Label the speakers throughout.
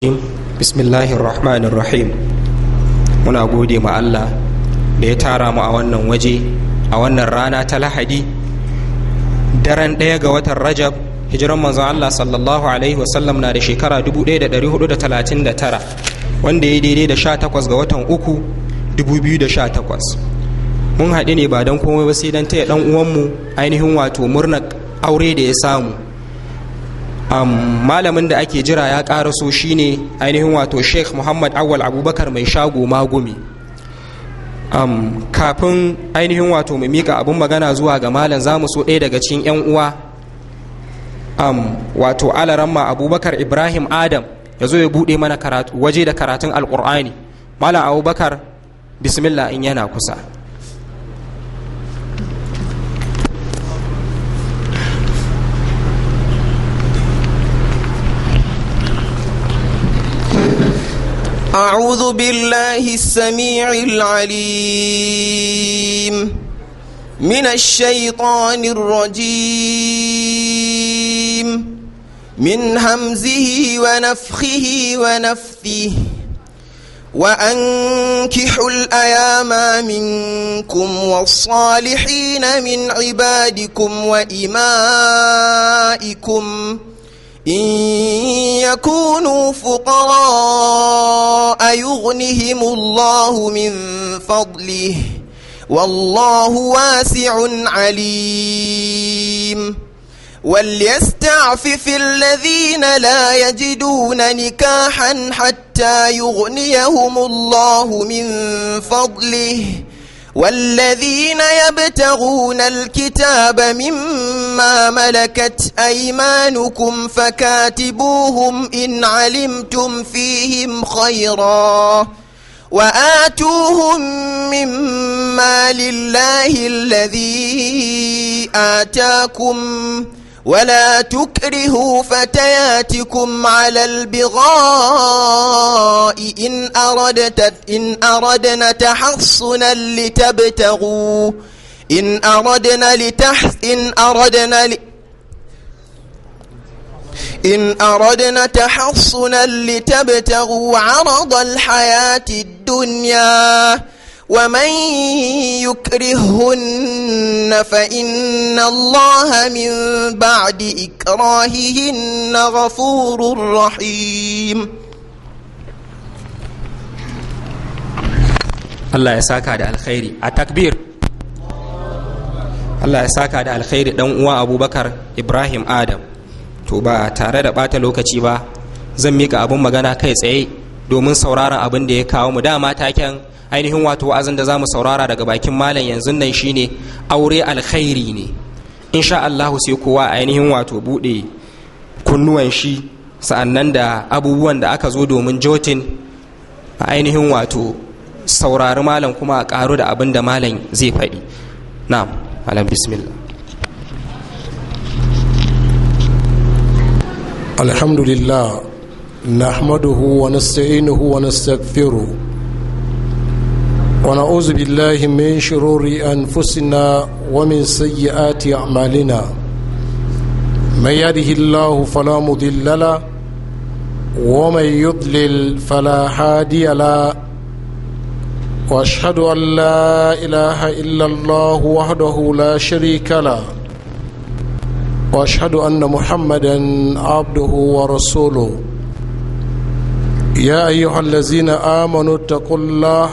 Speaker 1: bismillahir bismillahirrahmanirrahim muna gode ma Allah da ya tara mu a wannan waje a wannan rana ta lahadi daren ɗaya ga watan rajab hijiran manzon Allah sallallahu alaihi wasallam na da shekara 1439 wanda ya daidai da 18 ga watan uku 2018 mun haɗu ne ba don komai ba sai don taya ɗan uwanmu ainihin wato murnar aure da ya samu malamin da ake jira ya karaso shine ainihin wato sheikh muhammad awal abubakar mai shago magumi kafin ainihin wato mu mika abin magana zuwa ga malam za mu so ɗaya daga cikin 'yan uwa wato wato alaramma abubakar ibrahim adam ya zo ya buɗe mana waje da karatun alƙur'ani malam abubakar bismillah in yana kusa
Speaker 2: أعوذ بالله السميع العليم من الشيطان الرجيم من همزه ونفخه ونفثه وأنكحوا الأيام منكم والصالحين من عبادكم وإمائكم إن يكونوا فقراء يغنهم الله من فضله والله واسع عليم وليستعفف الذين لا يجدون نكاحا حتى يغنيهم الله من فضله والذين يبتغون الكتاب مما ملكت أيمانكم فكاتبوهم إن علمتم فيهم خيرا وآتوهم مما لله الذي آتاكم ولا تكرهوا فتياتكم على البغاء إن أردت إن أردنا تحصنا لتبتغوا إن أردنا لتح إن أردنا ل... إن أردنا تحصنا لتبتغوا عرض الحياة الدنيا ومن يكرههن فإن الله من بعد إكراههن غفور رحيم
Speaker 1: Allah ya saka da alkhairi Allah ya saka da alkhairi ɗan uwa Abubakar Ibrahim Adam to ba tare da bata lokaci ba zan miƙa abin magana kai tsaye domin sauraron abin da ya kawo mu dama taken ainihin wato wa'azin da za mu saurara daga bakin malam yanzu nan shine aure alkhairi ne insha Allah sai kowa ainihin wato bude kunnuwan shi sa'annan da abubuwan da aka zo domin jotin a ainihin wato saurari malam kuma a karu da abin da malam zai faɗi na'am alam bismillah
Speaker 3: alhamdulillah na wa nasta'inuhu ونعوذ بالله من شرور أنفسنا ومن سيئات أعمالنا من يهده الله فلا مضل له ومن يضلل فلا هادي له واشهد ان لا اله الا الله وحده لا شريك له واشهد ان محمدا عبده ورسوله يا ايها الذين امنوا اتقوا الله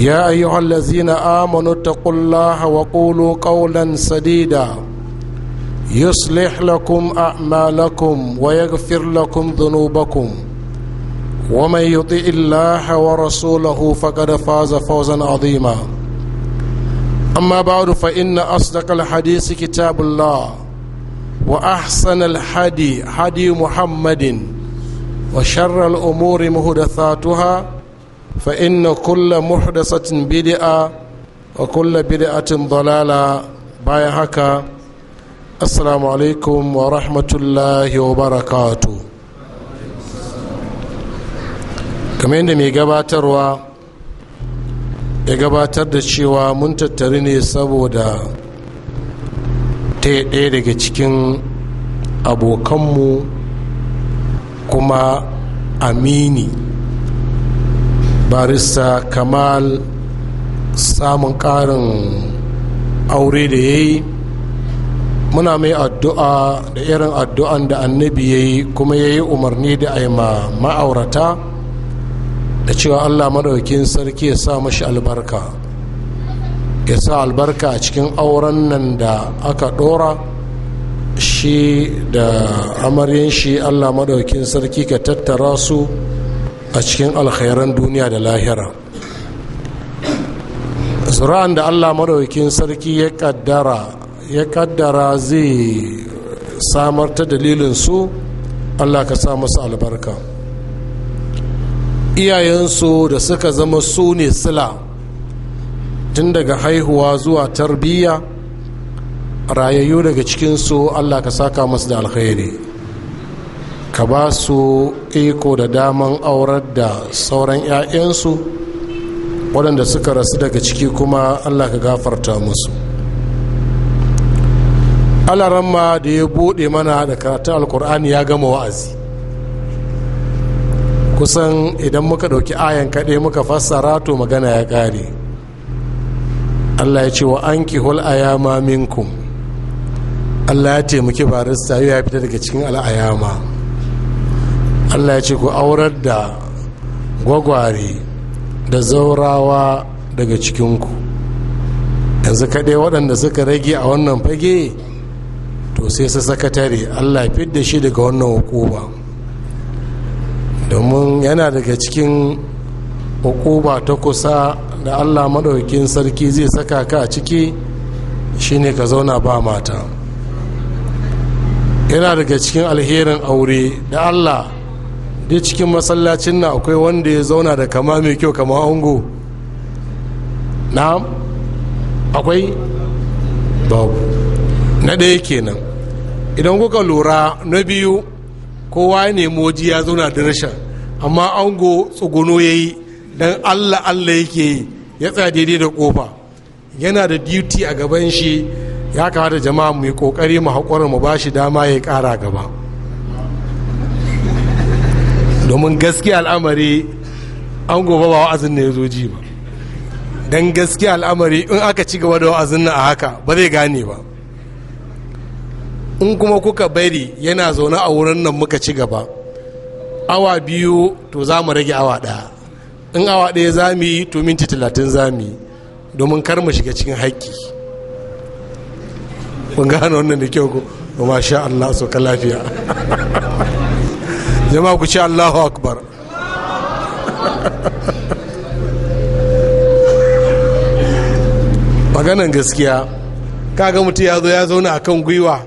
Speaker 3: يا أيها الذين آمنوا اتقوا الله وقولوا قولا سديدا يصلح لكم أعمالكم ويغفر لكم ذنوبكم ومن يطع الله ورسوله فقد فاز فوزا عظيما أما بعد فإن أصدق الحديث كتاب الله وأحسن الحدي حدي محمد وشر الأمور مهدثاتها fa inna kulla muhda satin bidi'a wa kulla bidi'a tun dalala baya haka assalamu alaikum wa rahmatullahi wa barakatu kamar yadda mai gabatarwa ya gabatar da cewa mun tattari ne saboda ta yi daga cikin abokanmu kuma amini barista kamal samun karin aure da ya yi muna mai addu'a da irin addu'an da annabi ya yi kuma ya yi umarni da aima ma'aurata da cewa allah madaukin sarki ya sa mashi albarka ya sa albarka a cikin auren nan da aka ɗora shi da amaryan shi allah madaukin sarki ka tattara su a cikin alkhairan duniya da lahira zura'an da allah maɗaukin sarki ya ƙaddara ya kaddara zai samar ta dalilin su allah ka sa musu albarka iyayensu da suka zama su ne sila tun daga haihuwa zuwa tarbiyya rayayyu daga cikinsu allah ka saka masu da alkhairi ka ba su iko da daman aurar da sauran 'ya'yansu waɗanda suka rasu daga ciki kuma allah ka gafarta musu ma da ya buɗe mana da karatun alkur'ani ya gama wa'azi kusan idan muka ɗauki ayan kaɗai muka fassara to magana ya ƙare allah ya ce wa an kihul ayama minkum allah ya taimaki barista yau ya fita daga cikin al'ayama allah ya ce ku aurar da gwagware da zaurawa daga cikinku yanzu kaɗai waɗanda suka rage a wannan fage to sai su sakatare allah fit da shi daga wannan hukuma domin yana daga cikin hukuma ta kusa da allah maɗaukin sarki zai saka ka a ciki shine ka zauna ba mata yana daga cikin alherin aure da allah dai cikin masallacin na akwai wanda ya zauna da kama mai kyau kama ungo na akwai babu na ɗaya kenan idan kuka lura na biyu kowa ya nemi ya zauna da rashin amma ango tsuguno ya yi don allah allah yake yi ya tsaya daidai da kofa yana da duty a gaban shi ya da jama'a mai kokari mu haƙura mu ba shi dama ya ƙara gaba domin gaskiya al'amari an gobe ba wa'azin ne ya zo ji ba don gaskiya al'amari in aka ci gaba da wa'azin na a haka ba zai gane ba in kuma kuka bari yana zaune a wurin nan muka ci gaba awa biyu to za mu rage awa ɗaya in awa ɗaya za mu yi to minti talatin za mu yi domin kar mu shiga cikin haƙƙi kun gane wannan da kyau ko ma sha Allah so ka lafiya jama'a ku ce allahu akbar maganan gaskiya kaga mutum ya zo ya zauna a kan gwiwa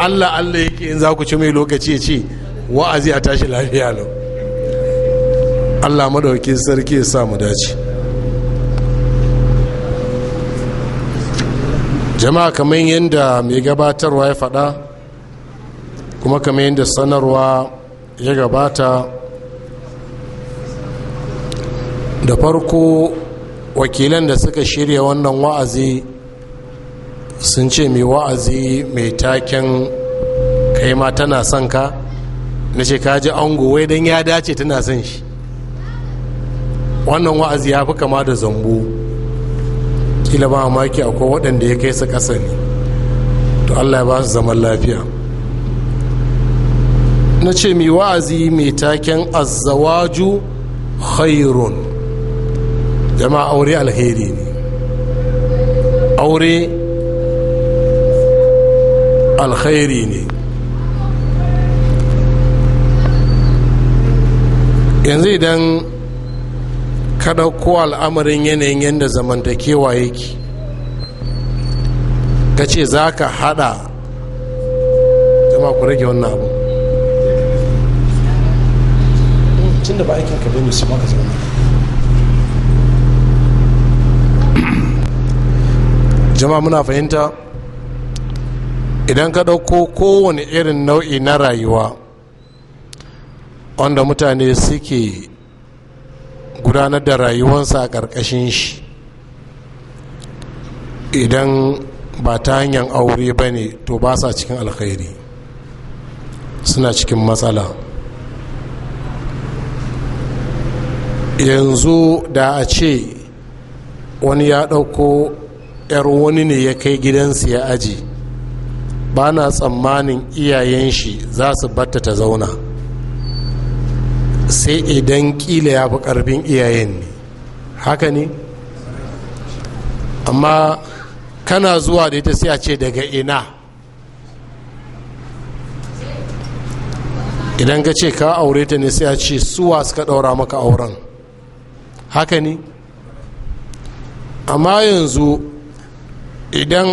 Speaker 3: allah allah yake in za ku ci mai lokaci ya ce wa'azi a tashi lafiya lau allah madaukin sarki ya samu dace jama'a kamar yadda mai gabatarwa ya faɗa kuma kamar yadda sanarwa ya gabata da farko wakilan da suka shirya wannan wa'azi sun ce mai wa'azi mai taken kai ma tana son ka na ce kaji ango wai don ya dace tana son shi wannan wa'azi ya fi kama da zambu kila ba maki akwai waɗanda ya kai su ƙasa ne to allah ya ba su zaman lafiya na ce mai wa'azi mai taken azawaju khairun jama'a aure alheri ne aure alheri ne yanzu idan ka ɗauko al'amarin yanayin yadda zamantakewa yake ka ce za ka haɗa jama'a ku rage wannan abu jama da ba aikin ka bane su maka zama jama'a muna fahimta idan ka ɗauko kowane irin nau'i na rayuwa wanda mutane suke gudanar da rayuwansa a ƙarƙashin shi idan ba ta hanyar aure ba ne to ba sa cikin alkhairi suna cikin matsala yanzu da a ce wani ya ɗauko 'yar wani ne ya kai gidansu ya aji ba na tsammanin iyayen shi za su batta ta zauna sai idan kila ya fi ƙarfin iyayen ne haka ne amma kana zuwa da ita sai a ce daga ina idan ka ce ka aure ta ne sai a ce suwa suka ɗaura maka auren haka ne amma yanzu idan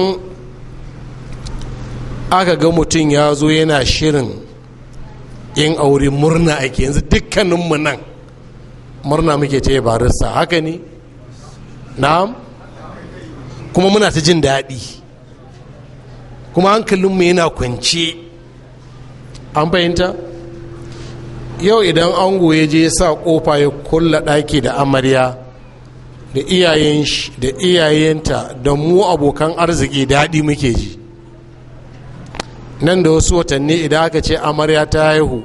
Speaker 3: aka ga mutum ya zo yana shirin yin aure murna ake yanzu dukkaninmu nan murna muke ce barista haka ne na'am kuma muna ta jin daɗi kuma hankalinmu yana kwance an fahimta yau idan ango ya je sa kofa ya kulla ɗaki da amarya da iyayen shi da iyayenta da mu abokan arziki daɗi muke ji nan da wasu watanni idan aka ce amarya ta haihu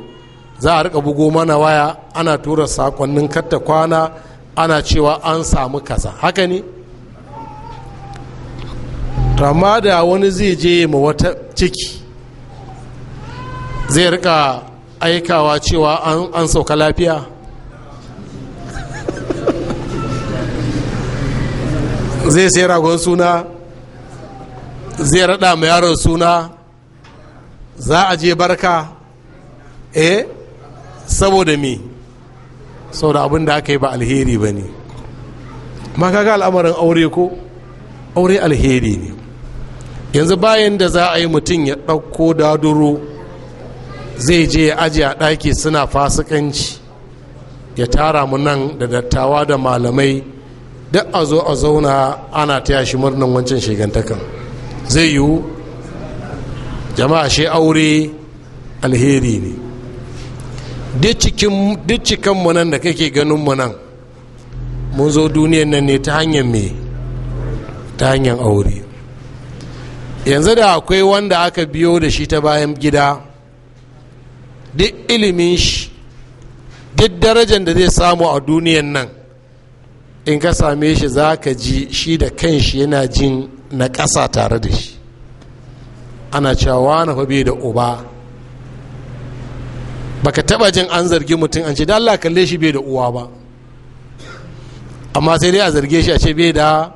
Speaker 3: za a rika bugo mana waya ana tura sakonnin katta kwana ana cewa an samu kasa haka ne amma da wani zai je ma wata ciki zai rika aikawa cewa an sauka lafiya zai sai ragon suna zai rada mai yaron suna za a je barka eh saboda me saboda abin da aka yi ba alheri ba ne ma kaga al'amarin aure ko aure alheri ne yanzu bayan da za a yi mutum ya ɗauko daduro zai je ya aji a ɗaki suna fasikanci ya tara mu nan da dattawa da malamai duk a zo a zauna ana taya shi murnan wancan shigantakan zai yiwu jama'a shi aure alheri ne duk cikin mu nan da kake ganin mu nan mun zo duniyan nan ne ta hanyar me ta hanyar aure yanzu da akwai wanda aka biyo da shi ta bayan gida duk ilimin shi duk darajar da zai samu a duniyan nan in ka same shi za ka ji shi da kanshi yana jin na ƙasa tare da shi ana cewa na bai da uba baka taba jin an zargi mutum an ce da Allah kalle shi bai da uwa ba amma sai dai a zarge shi a ce bai da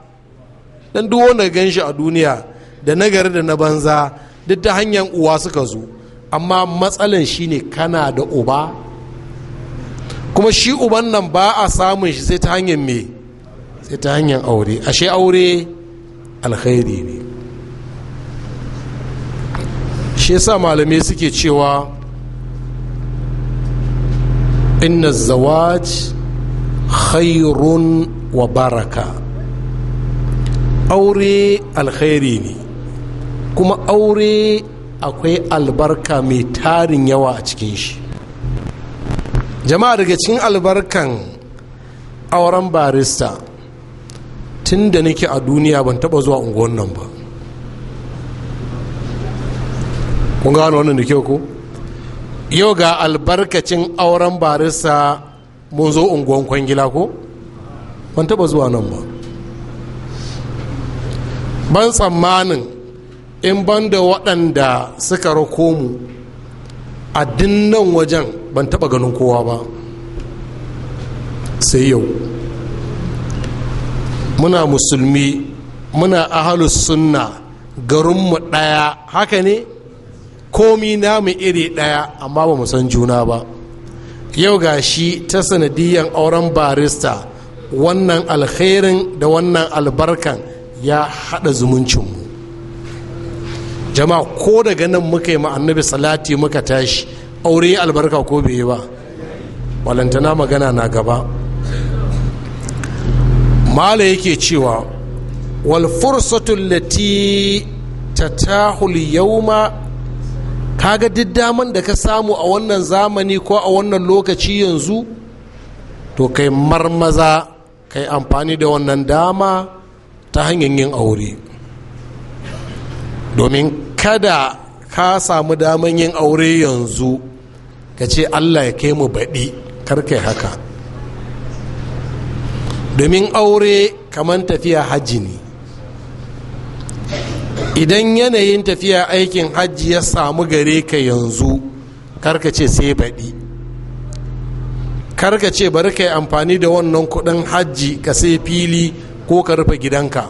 Speaker 3: dan duk wanda gan shi a duniya da nagari da na banza duk ta hanyar uwa suka zo amma matsalan shine kana da uba kuma shi uban nan ba a samun shi sai ta hanyar me sai ta hanyar aure ashe aure alkhairi ne shi yasa malamai suke cewa inna zawaj khairun wa baraka aure alkhairi ne kuma aure akwai albarka mai tarin yawa a cikin shi jama'a daga cikin albarkan auren barista tun da nake a duniya ban taba zuwa unguwan nan ba kun gano wannan da kyau ko yau ga albarkacin auren barista mun zo unguwan kwangila ko ban taba zuwa nan ba ban tsammanin in ban da waɗanda suka rako mu a dinnan wajen ban taɓa ganin kowa ba sai yau muna musulmi muna ahalus sunna garinmu ɗaya haka ne komi namu iri ɗaya amma ba san juna ba yau ga shi ta sanadiyyar auren barista wannan alkhairin da wannan albarkan ya haɗa zumuncinmu jama'a ko daga nan muka yi annabi salati muka tashi aure albarka ko bai yi ba walantana magana na gaba mala yake cewa wal ta lati yau ma kaga duk daman da ka samu a wannan zamani ko a wannan lokaci yanzu to kai marmaza kai amfani da wannan dama ta hanyar yin aure domin kada ka samu daman yin aure yanzu ka ce allah ya kai mu baɗi karkai haka domin aure kamar tafiya hajji ne idan yanayin tafiya aikin hajji ya samu gare ka yanzu karka ce sai baɗi karka ce bari ka yi amfani da wannan kudin hajji ka sai fili ko ka rufe gidanka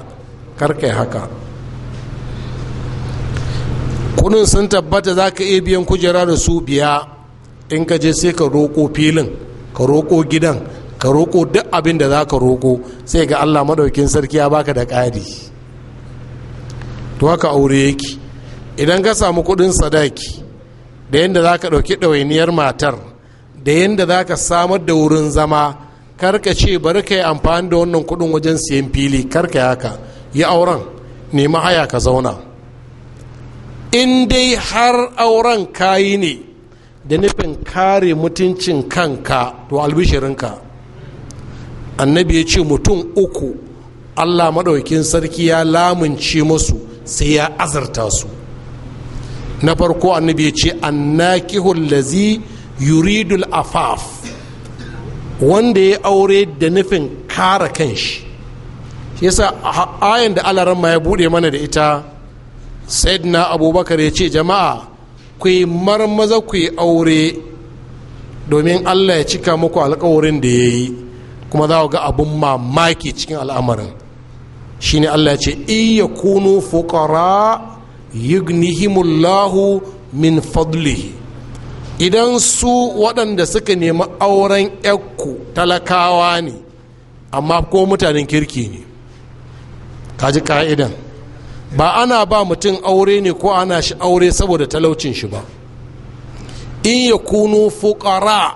Speaker 3: karka yi haka kudin sun tabbata za ka iya biyan kujera da su biya in ka je sai ka roƙo filin ka roƙo gidan ka roƙo duk abin da za ka roƙo sai ga allah maɗaukin sarki ya baka da ƙari to haka aure yake idan ka samu kudin sadaki da yadda za ka ɗauki ɗawainiyar matar da yadda za ka samar da wurin zama karka ce bari ka yi amfani da wannan kudin wajen siyan fili karka haka yi auren nemi haya ka zauna in dai har auren kayi ne da nufin kare mutuncin kanka to albishirinka annabi ya ce mutum uku allah maɗaukin sarki ya lamunce musu sai ya azarta su na farko annabi ya ce annakihul lazi yuridul afaf wanda ya aure da nufin kare kanshi shi yasa ayan da alaran ma ya buɗe mana da ita sayyidina abubakar ya ce jama'a ku yi marmaza ku yi aure domin allah ya cika muku alkawarin da ya yi kuma za ga abun mamaki cikin al'amarin shine allah ya ce iya kunu fukara yugnihimullahu min fadlihi idan su waɗanda suka nemi auren yakku talakawa ne amma ko mutanen kirki ne ka ji ka'idan ba ana ba mutum aure ne ko ana shi aure saboda talaucin shi ba in ya kunu fukara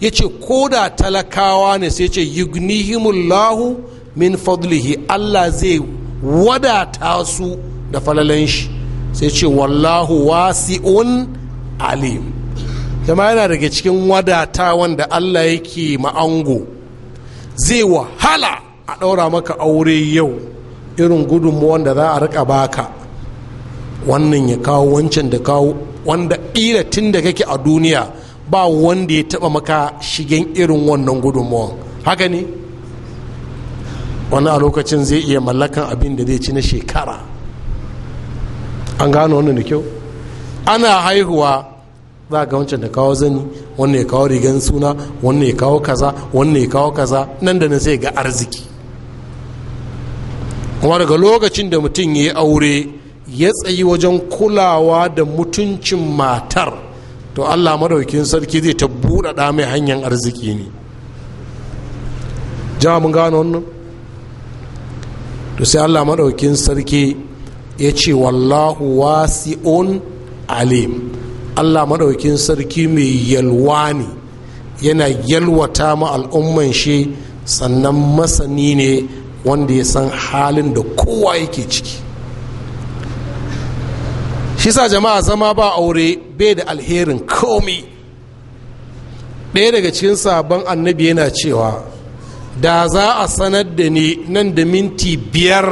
Speaker 3: ya ce ko da talakawa ne sai ce yugnihimullahu min fadlihi allah zai wadata su da falalan shi sai ce wallahu wasi'un alim jama yana daga cikin wadata wanda allah yake ma'ango zai wahala a ɗaura maka aure yau irin gudunmuwan da za a rika baka wannan ya kawo wancan da kawo wanda ila tun da kake a duniya ba wanda ya taba maka shigen irin wannan gudunmuwan haka ne wani a lokacin zai iya mallakan abin da zai ci na shekara an gano wannan da kyau ana haihuwa za ga wancan da kawo zani wannan ya kawo rigan suna wannan ya kawo kaza wannan ya kawo kaza nan da nan sai ga arziki kuma daga lokacin da mutum ya yi aure ya tsayi wajen kulawa da mutuncin matar to allah madaukin sarki zai ta buɗaɗa mai hanyar arziki ne ja mun gano wannan to sai allah madaukin sarki ya ce wallahu wasi'un alim allah madaukin sarki mai yalwa ne yana yalwata ma al'umman shi sannan masani ne wanda ya san halin da kowa yake ciki shi sa jama'a zama ba aure bai da alherin komi ɗaya daga cikin sabon annabi yana cewa da za a sanar da ni nan da minti biyar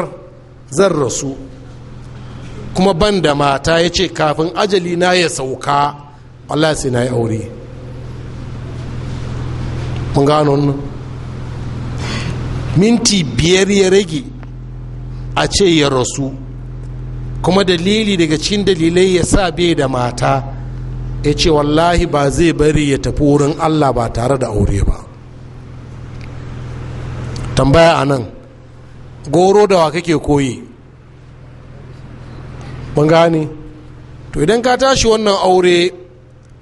Speaker 3: zan rasu kuma ban da mata ya ce kafin ajali na ya sauka allah sai na yi aure mun gano minti biyar ya rage a ce ya rasu kuma dalili daga cikin dalilai ya sa bai da mata ya ce wallahi ba zai bari ya tafi wurin allah ba tare da aure ba tambaya a nan goro da wa kake koyi ban gane to idan ka tashi wannan aure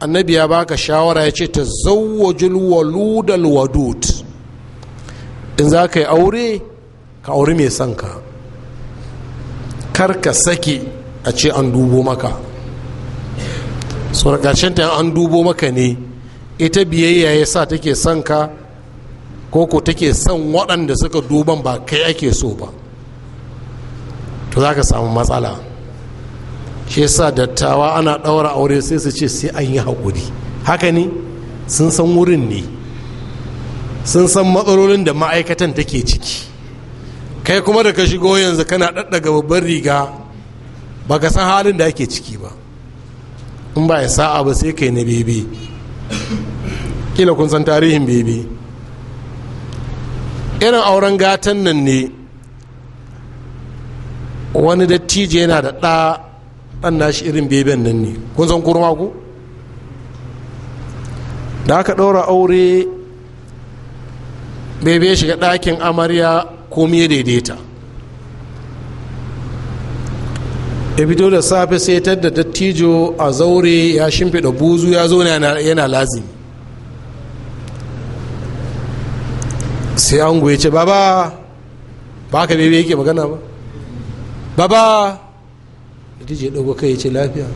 Speaker 3: annabi ya baka shawara ya ce ta zawwajul wadud in za ka yi aure ka aure mai son ka kar ka sake a ce an dubo maka tsorkacin ta an dubo maka ne ita biyayya ya sa take son ka ko ko take son waɗanda suka duban ba kai ake so ba to za ka samu matsala shi sa dattawa ana ɗaura aure sai su ce sai an yi haƙuri haka ne sun san wurin ne sun san matsalolin da ma'aikatan take ciki kai kuma da ka shigo yanzu kana ɗaɗɗaga babban riga ba ka san halin da ake ciki ba in ba ya sa'a ba sai kai na bebe kila kun san tarihin bebe irin auren gatan nan ne wani dattijo yana da ɗa ɗan nashi irin beben nan ne kun san kurma ku da aka ɗaura aure bebe ya shiga ɗakin amarya komi ya daidaita ya fito da safe sai da dattijo a zaure ya shimfiɗa buzu ya zo yana lazimi sai an goye ce baba ba ka bebe yake magana ba baba dattijo ya ɗauka kai ya ce lafiya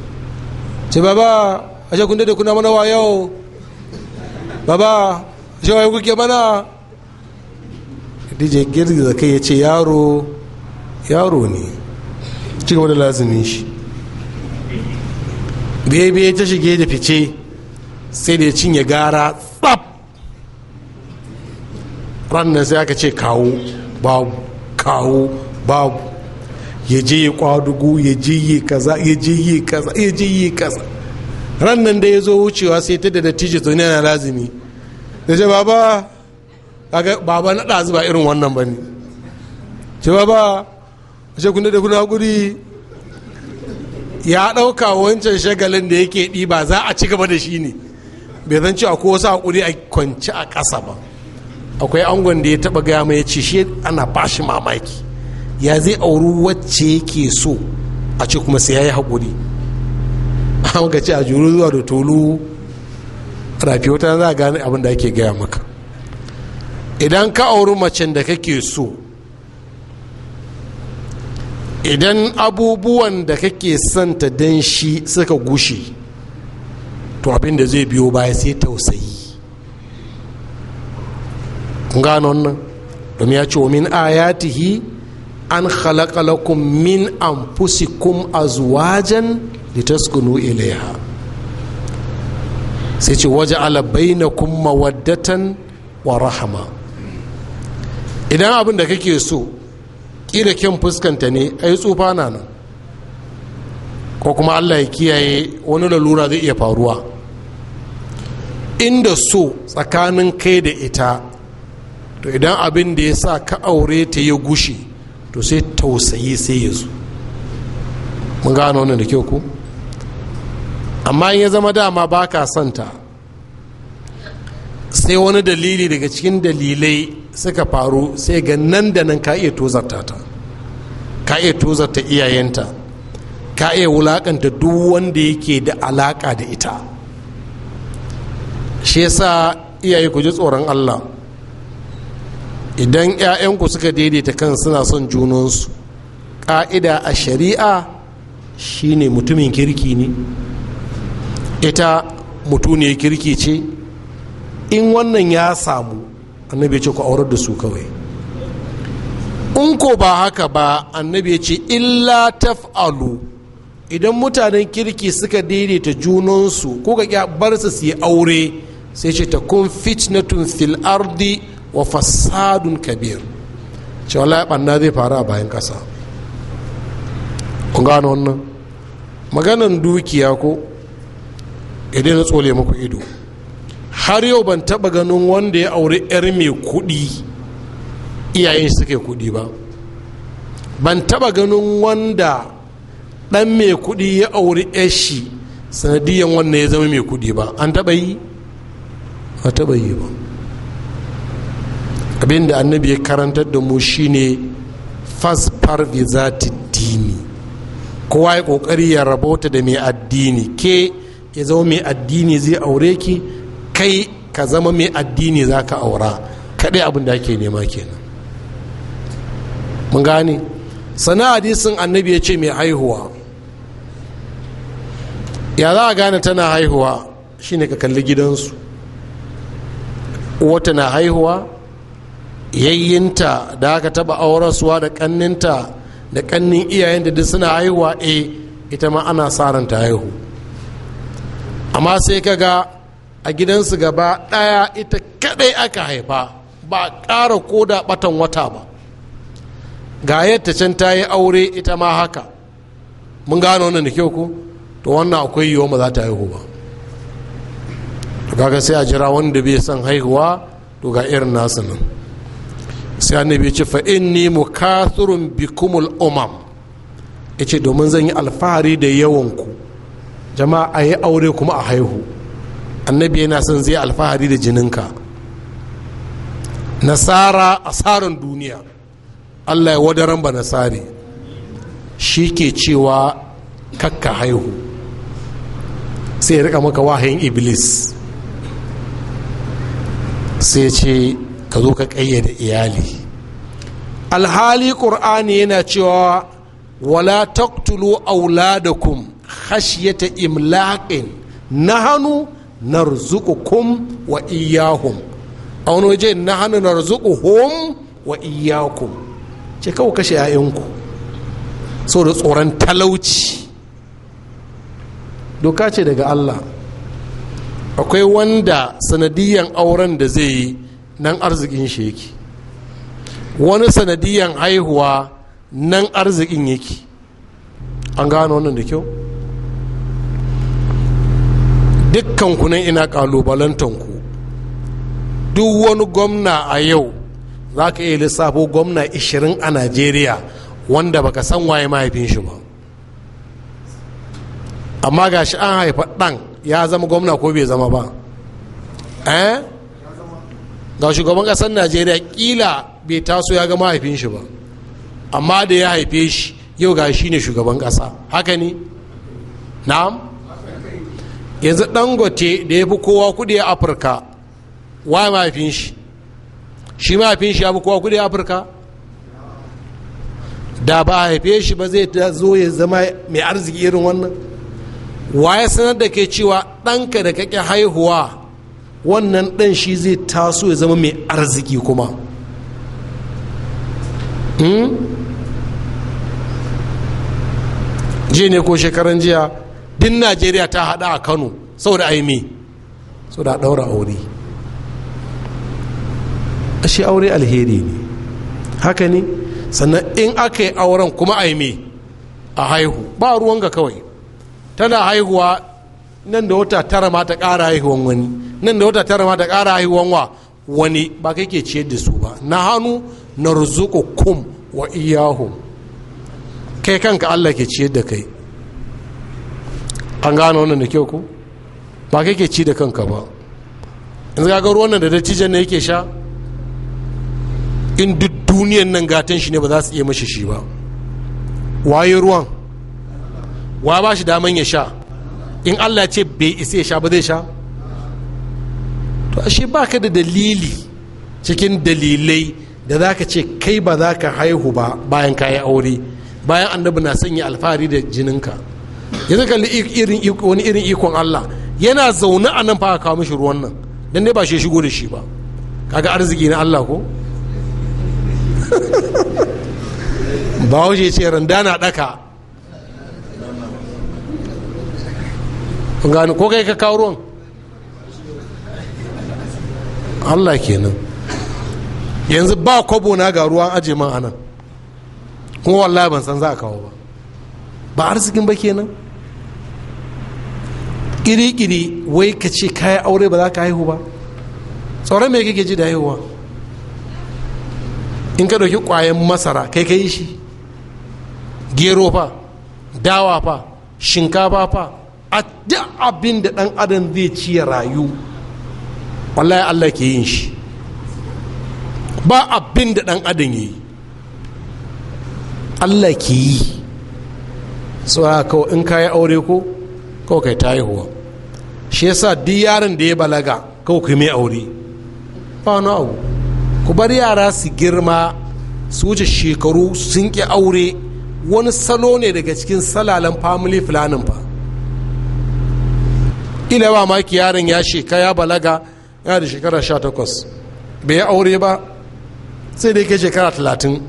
Speaker 3: ce baba a kun da kuna mana wa yau baba ashe wa kuke mana dije girgiza kai ya ce yaro yaro ne ci gaba da lazumin shi bebe ta shige da fice sai da ya cinye gara tsab ranar sai aka ce kawo babu kawo babu ya je ya kwadugu ya je yi kaza ya je yi kaza ya je yi kaza ranar da ya zo wucewa sai ta da tijito ne na lazumi da ce baba kaga baba na ɗazu ba irin wannan ba ne ce a ce kuna da kuna guri ya ɗauka wancan shagalin da yake ba za a ci gaba da shi ne bai zan cewa ko wasu haƙuri a kwanci a ƙasa ba akwai angon da ya taɓa gaya mai ce shi ana bashi mamaki ya zai auru wacce yake so a ce kuma sai ya yi haƙuri an ga ce a juru zuwa da tolu rafi wata za a gane abin da ake gaya maka idan ka auri macen da kake so idan abubuwan da kake santa don shi suka gushe to abin da zai biyo baya sai tausayi gano nan domin ya ce wa min ayatihi an khalaqalakum min anfusikum azwajan litaskunu ilaiha sai ce waje ala bainakum mawaddatan wa rahama idan abin da kake so ƙila kyan fuskanta ne a yi tsufa na nan ko kuma allah ya kiyaye wani lalura zai iya faruwa inda so tsakanin kai da ita to idan abin da ya sa ka aure ta ya gushi to sai tausayi sai ya zo mun gano wannan da kyau ku amma in ya zama dama ba ka santa sai wani dalili daga cikin dalilai suka faru sai ga nan da nan ka iya tozarta ta ka iya tozarta iyayenta ka iya wulakanta duk wanda yake da alaka da ita shi yasa iyaye ku ji tsoron allah idan 'ya'yanku suka daidaita kan suna son junansu ƙa'ida a shari'a shine mutumin kirki ne ita mutuniyar kirki ce in wannan ya samu annabi ce ku aurar da su kawai in ko ba haka ba annabi ce illa taf'alu idan mutanen kirki suka daidaita junansu ko ka bar su su yi aure sai ce ta kun fitnatun fil ardi wa fasadun kabir wala la banna zai faru a bayan kasa kun gano wannan maganan dukiya ko idan tsole muku ido har yau ban taba ganin wanda ya auri 'yar mai kudi iyayen suke kudi ba ban taba ganin wanda dan mai kudi ya auri 'yar shi sanadiyan wannan ya zama mai kudi ba an taba yi A taba yi ba abinda annabi ya karantar da mu shine fasfar bi zati dini kowa ya kokari ya rabota da mai addini ke ya zama mai addini zai aure ki kai ka zama mai addini za ka aura kaɗai abin da ake nema kenan mun gane sana hadisin annabi ya ce mai haihuwa ya za a gane tana haihuwa shine ka kalli gidansu wata na haihuwa yayyinta da aka taba aurasuwa da kanninta da kannin iyayen da duk suna haihuwa e ita ma ana sa ta haihu amma sai ka ga a gidansu gaba ɗaya ita kaɗai aka haifa ba ƙara koda ɓatan wata ba ga yadda can ta yi aure ita ma haka mun gano wannan da kyau ko to wannan akwai yiwuwa ma za ta haihu ba to kaga sai a jira wanda bai san haihuwa to ga irin nasu nan sai annabi ce fa inni mukathirun bikumul umam yace domin zan yi alfahari da yawanku jama'a a yi aure kuma a haihu annabi yana son zai alfahari da jininka nasara asaran duniya allah ya wadaran ba nasari shi ke cewa kakka haihu sai ya rika maka wahayin iblis sai ya ce ka zo ka kayyade iyali alhali ƙur'ani yana cewa wala taqtulu auladakum khashyata imlaqin hannu. narzuqukum wa iyyahum a wani waje na hannu narzuquhum wa iyyakum ce kawai kashe 'ya'yanku saboda tsoron talauci doka ce daga allah akwai wanda sanadiyan auren da zai yi nan arzikin shi yake wani sanadiyan haihuwa nan arzikin yake an gano wannan da kyau dukkan ku nan ina kalubalantan ku duk wani gwamna a yau za ka iya lissafo gwamna 20 a najeriya wanda baka san waye mahaifin shi ba amma ga shi an haifa ɗan ya zama gwamna ko bai zama ba eh ga shugaban ƙasar najeriya ƙila bai taso ya ga mahaifin shi ba amma da ya haife shi yau ga shi ne shugaban ƙasa haka ne na'am yanzu dangote da ya fi kowa kudi a afirka wa mafin shi shi mafin shi ya fi kowa kudi a afirka da ba a haife shi ba zai zo ya zama mai arziki irin wannan wa ya sanar da ke cewa ɗanka da kake haihuwa wannan ɗan shi zai taso ya zama mai arziki kuma hmm? ji ne ko shekaran jiya din najeriya ta hada a kano sau da aimi sau da daura aure shi aure alheri ne haka ne sannan in aka yi auren kuma aimi a haihu ba ruwan ga kawai tana haihuwa nan da wata tara ma ta kara haihuwan wani nan da wata tara ma kara haihuwan wa wani ba kai ke ciyar da su ba na hannu na kum wa iyahu kai kanka allah ke ciyar da kai an gano wannan da kyau ko ba kai ke ci da kanka ba yanzu ga ruwan nan da dattijan ne yake sha in duk duniyan nan gatan shi ne ba za su iya mashi shi ba waye ruwan wa ba shi daman ya sha in allah ce bai isa ya sha ba zai sha to ashe baka da dalili cikin dalilai da za ka ce kai ba za ka haihu ba bayan kayi aure bayan annabi na sanya alfahari da jininka yanzu kalli irin wani irin ikon Allah yana zaune a nan fa kawo mishi ruwan nan dan ne ba shi shigo da shi ba kaga arziki na Allah ko ba wuce ce randa na daka gani ko kai ka kawo ruwan Allah kenan yanzu ba kwabo na ga ruwan aje man anan kuma wallahi ban san za a kawo ba ba arzikin ba kenan kiri-kiri wai ka ce kayan aure ba za ka haihu ba tsoron mai kake ji da haihuwa in ka ɗauki ƙwayan masara kai ka yi shi gero fa dawa fa shinkafa fa a duk abin da ɗan adam zai ci ya rayu wallahi allah ke yin shi ba abin da ɗan adam ya yi allah ke yi tsoron kawai in ka yi aure ko kawai kai ta haihuwa shi yasa duk yaron da ya balaga kawai ku mai aure ba wani abu ku bar yara su girma su wuce shekaru sun ki aure wani salo ne daga cikin salalan family planning fa ila ba maki yaron ya sheka ya balaga ya da shekara 18 bai aure ba sai dai ke shekara 30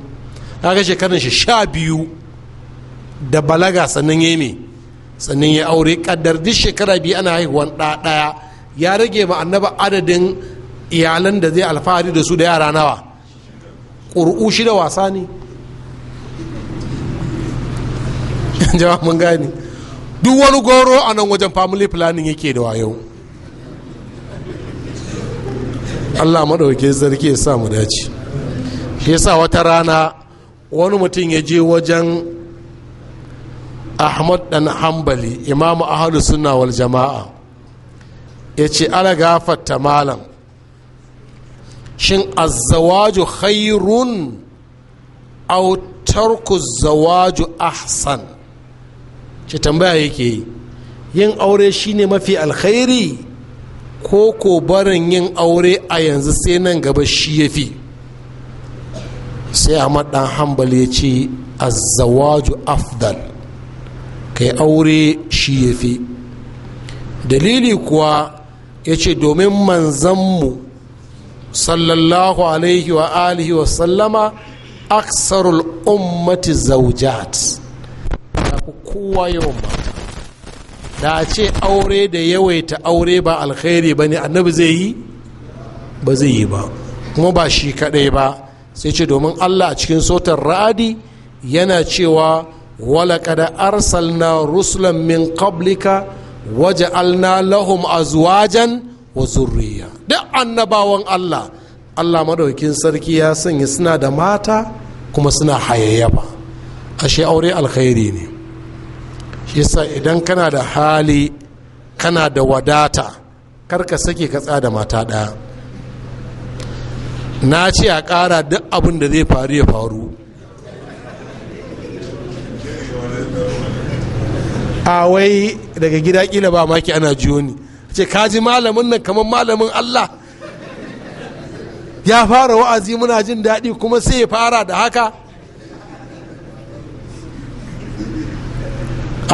Speaker 3: ga shekarun shi 12 da balaga sannan ya yi sannan ya aure kaddar duk shekara biyu ana haihuwan ɗaya ya rage ma annaba adadin iyalan da zai alfahari da su da yara nawa ƙuri'u shida wasa ne jama'a mun gane duk wani goro a nan wajen family planning yake da wayo allah maɗauke zarki ya sa mu dace shi yasa wata rana wani mutum ya je wajen ahmad dan hambali imamu ahalu suna wal jama'a ya ce ana gafarta malam shin azawaju hairun au tarku zawaju ahsan ce tambaya yake yi yin aure shine mafi alkhairi ko ko barin yin aure a yanzu sai nan gaba shi ya fi sai ahmad dan hambali ya ce azawaju afdal kai aure shi ya fi dalili kuwa ya ce domin manzanmu sallallahu alaihi wa alihi wa sallama aksarul ummati zaujat da kowa yawan mata da ce aure da yawaita aure ba alkhairi ba ne annabi zai yi ba zai yi ba kuma ba shi kadai ba sai ce domin allah cikin sautar ra'adi yana cewa walaƙada arsalna rusulan min waje waja'alna lahum azwajan wa zurriya duk annabawan Allah Allah madaukin sarki ya sanya suna da mata kuma suna hayayyafa ashe aure alkhairi ne shi yasa idan kana da hali kana da wadata karka sake ka tsada mata ɗaya na ce a ƙara duk abin da zai faru ya faru a wai daga gida kila ba maki ana juyo ni ce kaji malamin nan kamar malamin Allah ya fara wa'azi muna jin daɗi kuma sai ya fara da haka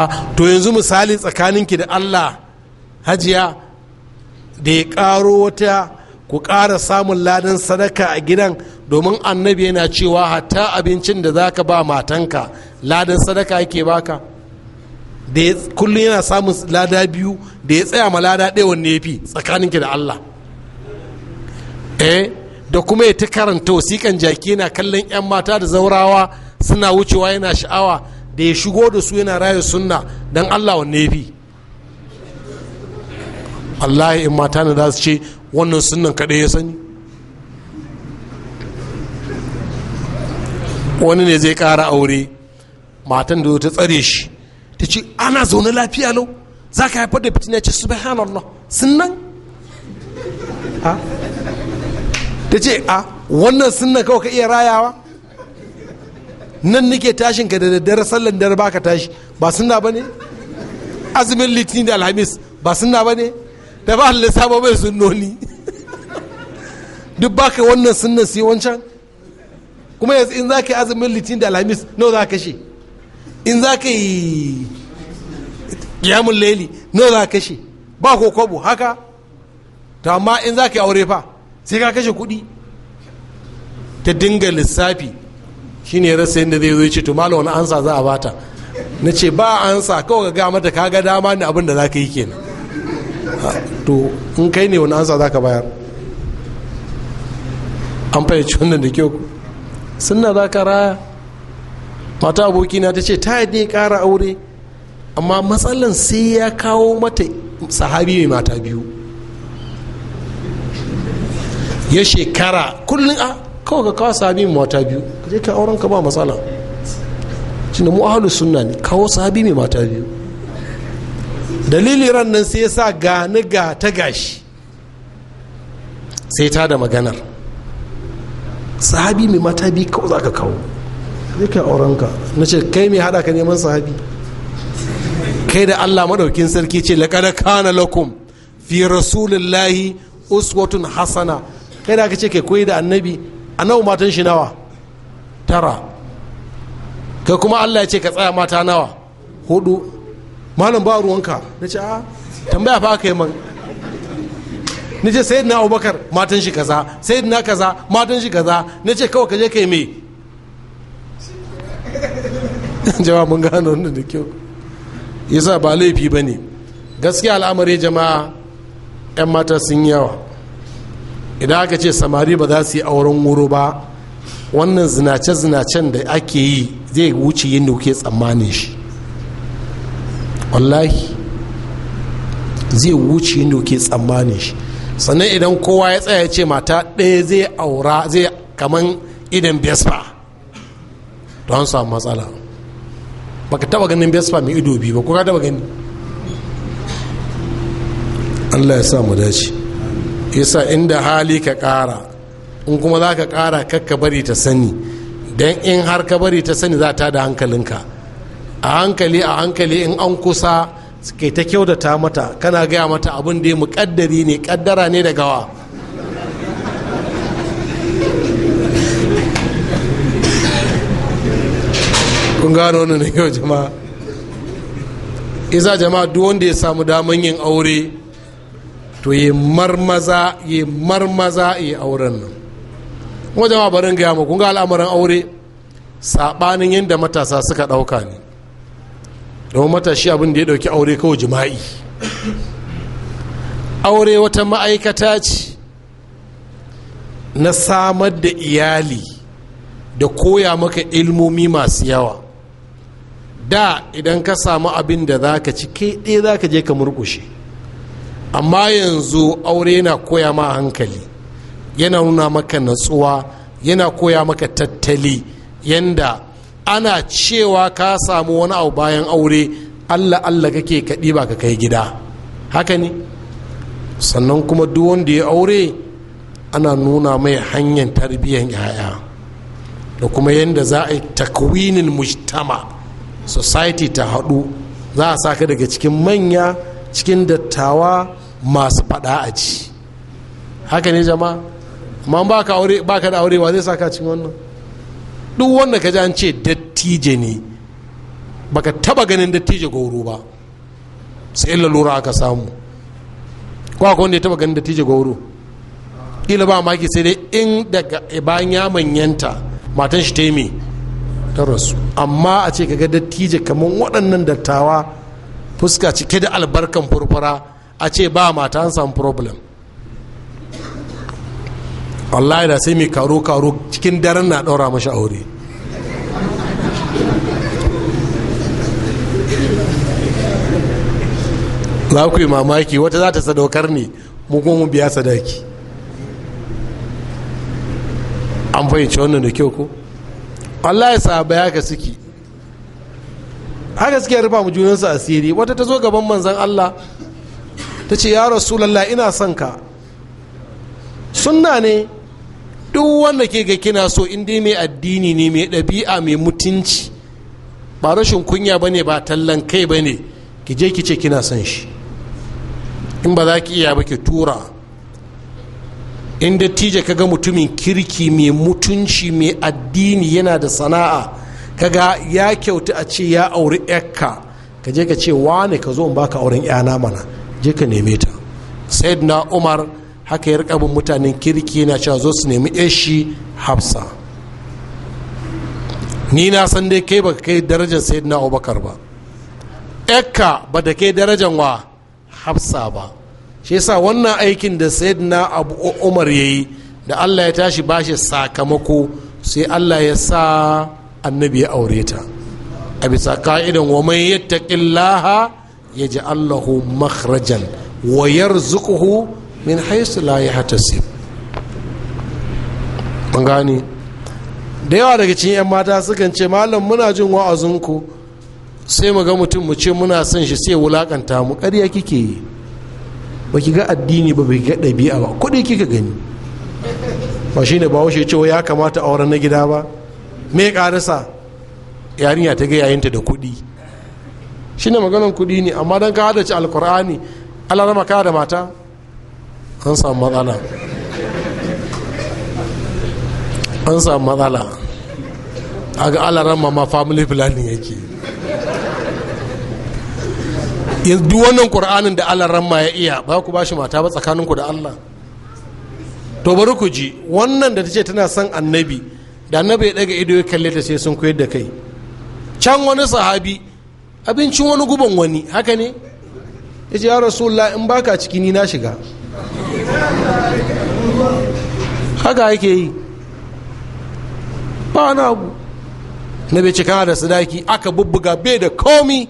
Speaker 3: a to yanzu misali tsakaninki da Allah hajiya da ya ƙaro wata ku ƙara samun ladan sadaka a gidan domin annabi yana cewa hatta abincin da zaka ba matanka ladan sadaka yake baka da ya kullum yana samun lada biyu da ya tsaya ma lada ɗaya wanne ya fi tsakaninki da Allah eh, da kuma ya ta karanta wasikan jaki yana kallon 'yan mata da zaurawa suna wucewa yana sha'awa da ya shigo da su yana raya sunna don Allah wanne ya fi ya in mata na za su ce wannan sunnan kaɗai ya sani wani ne zai ƙara aure matan da ta tsare shi ta ce ana zaune lafiya lau za ka haifar da fitina ce bai sunnan ha ta ce a wannan sunnan kawai ka iya rayawa nan nike tashin ka da daddare sallan dare baka tashi ba ba bane azumin litinin da alhamis ba sunna bane da ba Allah sabo bai sunnoni duk baka wannan sunnan sai wancan kuma yanzu in ka yi azumin litinin da alhamis nawa za ka kashe in za ka yi kiyamun laili nawa za ka kashe ba ko kwabo haka to amma in za ka yi aure fa sai ka kashe kuɗi ta dinga lissafi shi ya rasa yadda zai zo ce to malam wani ansa za a bata na ce ba ansa kawai ga mata ka ga dama ne abin da za ka yi kenan to in kai ne wani ansa za ka bayar an fahimci wannan da kyau suna za ka raya mata abokina ta ce ta yadda ya ƙara aure amma matsalan sai ya kawo mata sahabi mai mata biyu ya shekara kullum a ah, kawai ka kawo sahabi mai mata biyu ka je ka auren ka ba matsala shi mu ahalu sunna ne kawo sahabi mai mata biyu dalili ran nan sai ya sa gani ga ta gashi sai ta da maganar sahabi mai mata biyu kawai za ka kawo zai kai aurenka na ce kai mai haɗa ka neman sahabi kai da allah maɗaukin sarki ce laƙada kana lakum fi rasulillahi uswatun hasana kai da aka ce kai koyi da annabi nawa matan shi nawa tara kai kuma allah ya ce ka tsaya mata nawa hudu malam ba ruwanka na ce a tambaya fa aka yi man na ce na abubakar matan shi kaza na kaza matan shi kaza na ce kawai ka je kai mai jama'a mun gano wannan da kyau yasa ba laifi ba ne gaskiya al'amari jama'a 'yan mata sun yawa idan aka ce samari ba za su yi auren wuro ba wannan zinace-zinacen da ake yi zai wuce yin da kuke tsammanin shi wallahi zai wuce yin da kuke tsammanin shi sannan idan kowa ya tsaya ce mata ɗaya zai aura zai kaman idan besfa to an samu matsala baka taba ganin vespa mai ido biyu ba ko ka taba gani allah ya sa mu dace yasa inda hali ka kara in kuma za ka kara kakka bari ta sani don in har ka bari ta sani za ta da hankalinka a hankali a hankali in an kusa suke ta kyautata mata kana gaya mata abin da ya muƙaddari ne ƙaddara ne da gawa kun gano wani na yau jama'a iza jama'a duk wanda ya samu daman yin aure to yi marmaza yi marmaza yi auren nan kuma jama'a barin gaya mu kun ga al'amuran aure saɓanin yadda matasa suka ɗauka ne domin matashi abin da ya ɗauki aure kawai jima'i aure wata ma'aikata ce na samar da iyali da koya maka ilmomi masu yawa da idan ka samu abin da za ka ci kai ɗaya za ka je ka murkushe amma yanzu aure yana koya ma hankali yana nuna maka natsuwa yana koya maka tattali yanda ana cewa ka samu wani abu bayan aure allah allah kake kaɗi ba ka kai gida haka ne sannan kuma duk wanda ya aure ana nuna mai hanyar tarbiyyar 'ya'ya da kuma yadda za a yi takwinin mujtama' society ta haɗu za a saka daga cikin manya cikin dattawa masu faɗa a ji haka ne jama'a ma ba ka aure ba ka da aure wa zai saka cikin wannan duk wanda ka ji an ce dattije ne baka taba ganin dattije gauru ba sai lalura aka samu ko akwai wanda ya taba ganin dattije gauru kila ba maki sai dai in daga bayan ya manyanta matan shi ta yi ta rasu amma a ce kaga dattijo kamar waɗannan dattawa fuska cike da albarkan furfura a ce ba mata an samu problem wallahi da sai mai karo karo cikin daren na ɗaura mashi aure za ku yi mamaki wata za ta sadaukar ne mu mu biya sadaki an fahimci wannan da kyau ko wallahi ya haka suke haka suke rufa mu junansu asiri wata ta zo gaban manzan Allah ta ce ya rasulallah ina son ka sunna ne duk wanda ke ga kina so in dai mai addini ne mai ɗabi'a mai mutunci ba rashin kunya bane ba tallan kai bane ki je ki ce kina son shi in ba za ki iya ba ki tura in ka ga mutumin kirki mai mutunci mai addini yana da sana'a ka ga ya kyauta a ce ya auri yakka ka je ka ce wane ka zo in baka auren yana mana je ka neme ta na umar haka ya rikabin mutanen kirki yana cewa zo su nemi yashi hafsa ni na san dai kai baka kai darajar na abubakar ba yakka ba da kai darajar wa hafsa ba shi yasa wannan aikin da sayyidina abu umar ya yi da allah ya tashi bashi sakamako sai allah ya sa annabi ya aure ta a bisa ka'idan wa mai man ya ji Allahu makhrajan wa zukuhu min haisu la hata mun gani da yawa daga cikin yan mata sukan ce malam muna jin wa'azinku sai mu ga mutum mu ce muna son shi sai wulakanta mu ƙarya kike yi ba ki ga addini ba bai ga ɗabi'a ba kuɗi kika gani ba shi ne bawo shi cewa ya kamata auren na gida ba me ƙarisa yarinya ta ga yayinta da kuɗi shi ne maganin kuɗi ne amma don ka ci alkur'ani allah na maka da mata an samu matsala an samu matsala a ga allah ma family planning yake yanzu wannan ƙur'anin da allah ramma ya iya ba ku ba shi mata ba tsakaninku da allah to bari ku ji wannan da ta ce tana son annabi da annabi ya daga ido ya kalle ta sai sun koyar da kai can wani sahabi abincin wani guban wani haka ne ya ce ya rasulullah in baka ciki ni na shiga haka yake yi ba na abu na bai cika da sadaki aka bubbuga bai da komi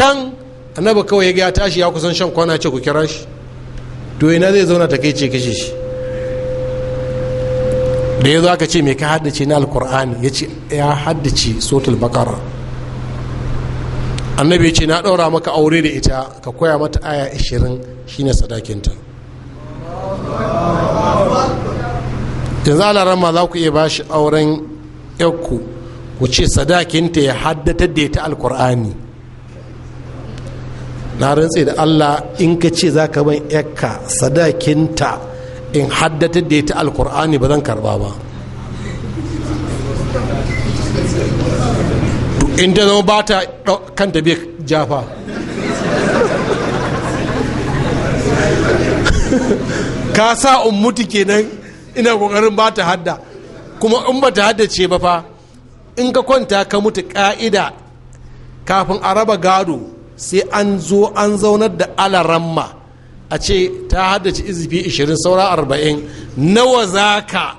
Speaker 3: can annabi kawai ya ga tashi ya kusan shan kwana ce ku kira shi to ina zai zauna ta kai ce kashe shi da ya zo aka ce mai ka haddace na alkur'ani ya ce ya haddace sotul bakara annabi ya ce na ɗaura maka aure da ita ka koya mata aya 20 shine sadakinta yanzu alaran ma za ku iya ba shi auren yakku ku ce sadakinta ya haddata da ita alkur'ani na rantse da allah in ka ce za ka ban yakka sadakinta in haddata da ita alkur'ani ba zan karba ba in ta zama ba ta kanta bai jafa ka sa ummuti kenan ina kokarin ba ta hadda kuma in ba ta haddace ba fa in ka kwanta ka mutu ka'ida kafin a raba gado sai an zo an zaunar da alaramma a ce ta haddace izifi 20 saura 40 nawa za ka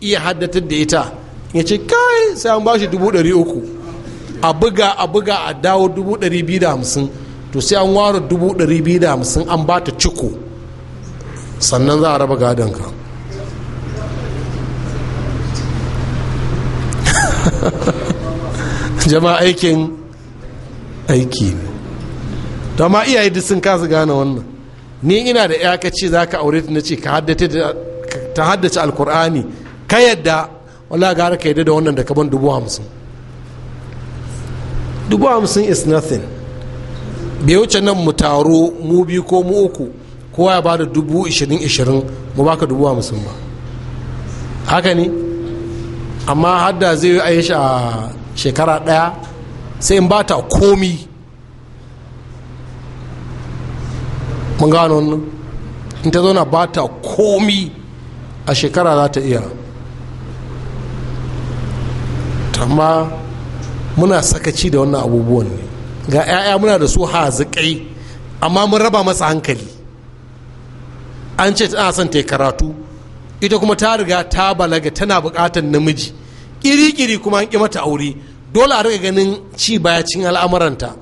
Speaker 3: iya haddatar da ita ya ce kai sai an ba shi 300 a buga a buga a dawo 250 to sai an ware 250 an ba ta ciko sannan za a raba gadonka jama'a aikin aiki ne to amma iyaye duk sun kasa gane wannan ni ina da ya ce za ka aure na ce ta haddace alkur'ani ka yadda wala gara ka yadda da wannan da kaban dubu hamsin dubu hamsin is nothing bai wuce nan mu taro mu biyu ko mu uku kowa ya ba da dubu ishirin ishirin mu baka dubu hamsin ba haka ne amma hadda zai yi aisha shekara daya sai in ba ta komi mun gano wannan in ta zauna ba ta komi a shekara za ta iya amma muna sakaci da wannan abubuwan ne ga 'ya'ya muna da su haziƙai amma mun raba masa hankali an ce tana son ta yi karatu ita kuma ta riga ta balaga tana buƙatar namiji ƙiri-ƙiri kuma an ƙi mata aure dole a riga ganin ci baya cikin al'amuranta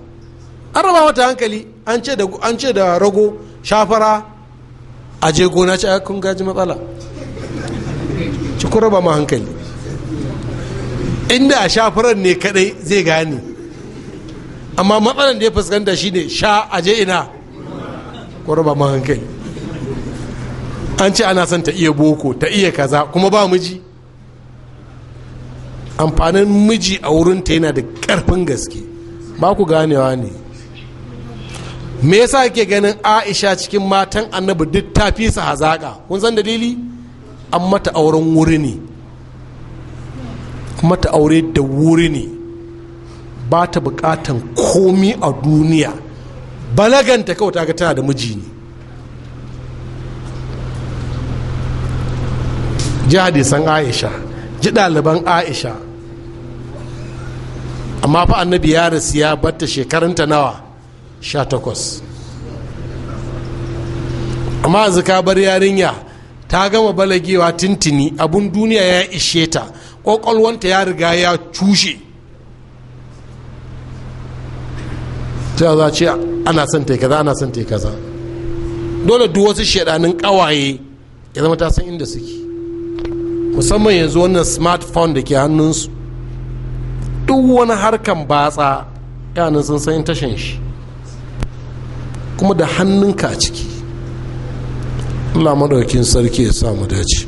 Speaker 3: an raba mata hankali an ce da rago shafara a je gona ce kun gaji matsala ci ku raba ma hankali inda a shafarar ne kadai zai gane amma matsalan da ya fuskanta shine sha a je ina ku raba ma hankali an ce ana son ta iya boko ta iya kaza kuma ba miji amfanin miji a wurin ta yana da karfin gaske ba ku ganewa ne me yasa ke ganin aisha cikin matan annabi duk ta fi su hazaƙa kun san dalili an mata auren wuri ne mata aure da wuri ne ba ta buƙatan komi a duniya balaganta kawai ta ga tana da miji ne ji hadisan aisha ji ɗaliban aisha amma fa annabi ya rasu ya batta shekarunta nawa 18 amma yanzu bar yarinya ta gama balagewa tintini abun duniya ya ishe ta ƙwaƙwalwanta ya riga ya cushe ta za ce ana son ta kaza ana son ta kaza dole duk wasu shaɗanin ƙawaye ya zama ta san inda suke musamman yanzu wannan smartphone da ke hannunsu duk wani harkan batsa yanin sun san tashan shi kuma da hannunka a ciki allah maɗaukin sarki ya samu dace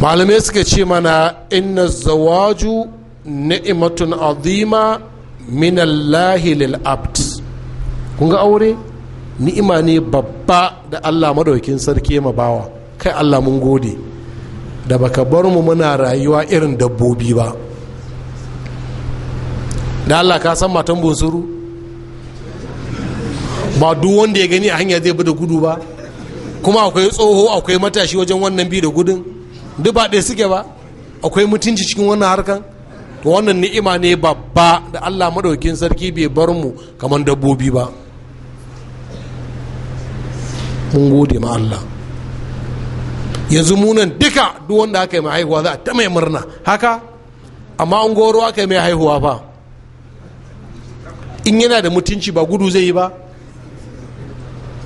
Speaker 3: malamai suka ce mana inna zawaju ni'imatun azima min allahi lil abd kun ga aure ni'ima ne babba da allah maɗaukin sarki ya bawa kai allah mun gode da baka bar mu muna rayuwa irin dabbobi ba da allah ka san matan bunsuru ba duk wanda ya gani a hanya zai bi da gudu ba kuma akwai tsoho akwai matashi wajen wannan bi da gudun duk ba ɗaya suke ba akwai mutunci cikin wannan harkan to wannan ni'ima ne babba da allah maɗaukin sarki bai bar mu kamar dabbobi ba mun gode ma allah yanzu munan duka duk wanda aka yi mai haihuwa za a ta mai murna haka amma an goro aka yi mai haihuwa fa in yana da mutunci ba gudu zai yi ba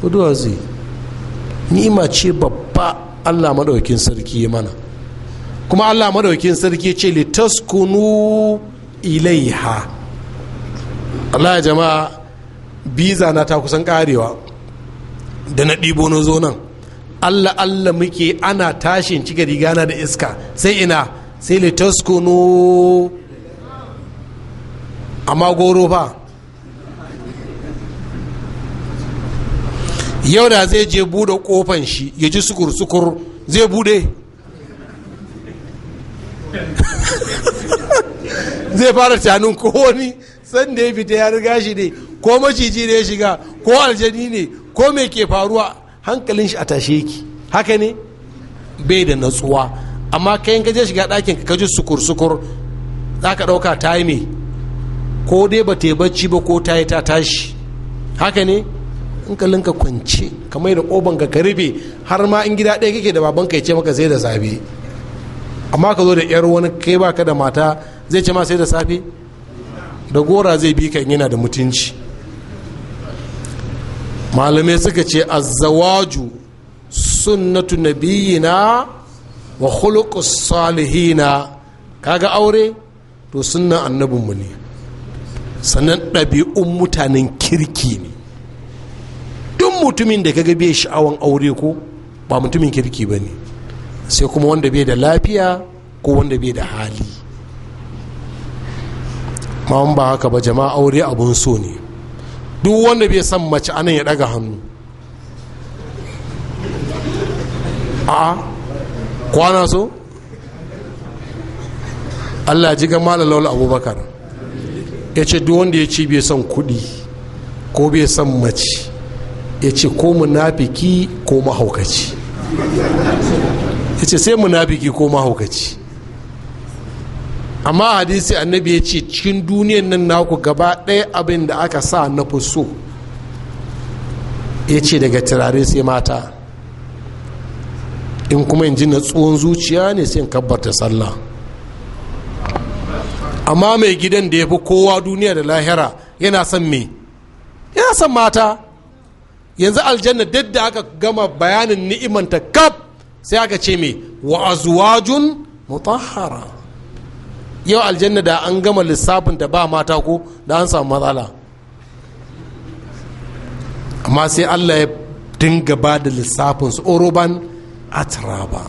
Speaker 3: guduwa zai ni'ima ce babba allah maɗaukin sarki ya mana kuma allah maɗaukin sarki ce litaskunu ilaiha allah jama'a biza na ta kusan karewa da na ɗibo na zo nan allah allah muke ana tashin cika rigana da iska sai ina sai litaskunu amma goro fa yau da zai je bude kofan shi ya ji sukur-sukur zai bude zai fara tunanin ko wani sanda ya fita ya riga shi ne ko maciji ne ya shiga ko aljani ne ko mai ke faruwa hankalin shi a tashe ki haka ne bai da natsuwa amma kayan gaje shiga ɗakin ka ji sukur-sukur za ka ɗauka ta yi ko dai ba ta yi bacci ba ko ta yi ta tashi haka ne hankalinka kwance kamar da koban ka karibe har ma in gida ɗaya kake da baban ka ya ce maka sai da safe amma ka zo da yar wani kai baka da mata zai ce ma sai da safe da gora zai bi ka yana da mutunci malamai suka ce azzawaju sunnatu nabiyina wa khuluqus salihina kaga aure to sunnan annabinmu ne sannan ɗabi'un mutanen kirki ne mutumin da kaga bai sha'awan aure ko ba mutumin kirki ba ne sai kuma wanda bai da lafiya ko wanda bai da hali ma ba haka ba jama'a aure abun so ne duk wanda bai san mace anan ya daga hannu a kwana so allah ji ga laula abubakar ya ce duk wanda ya ci bai son kuɗi ko bai son mace ya ce ko munafiki ko mahaukaci ya ce sai munafiki ko mahaukaci amma hadisi annabi ya ce cikin duniyan nan naku gaba ɗaya abin da aka sa na so ya ce daga turare sai mata in kuma in ji na tsohon zuciya ne sai in kabbarta sallah amma mai gidan da ya fi kowa duniya da lahira yana son me yana son mata yanzu aljanna duk da aka gama bayanin ni'imanta kaf sai aka ce me wa azwajun mutahhara yau aljanna da an gama lissafin da ba mata ko da an samu matsala amma sai Allah ya dinga ba da lissafin su oroban atraba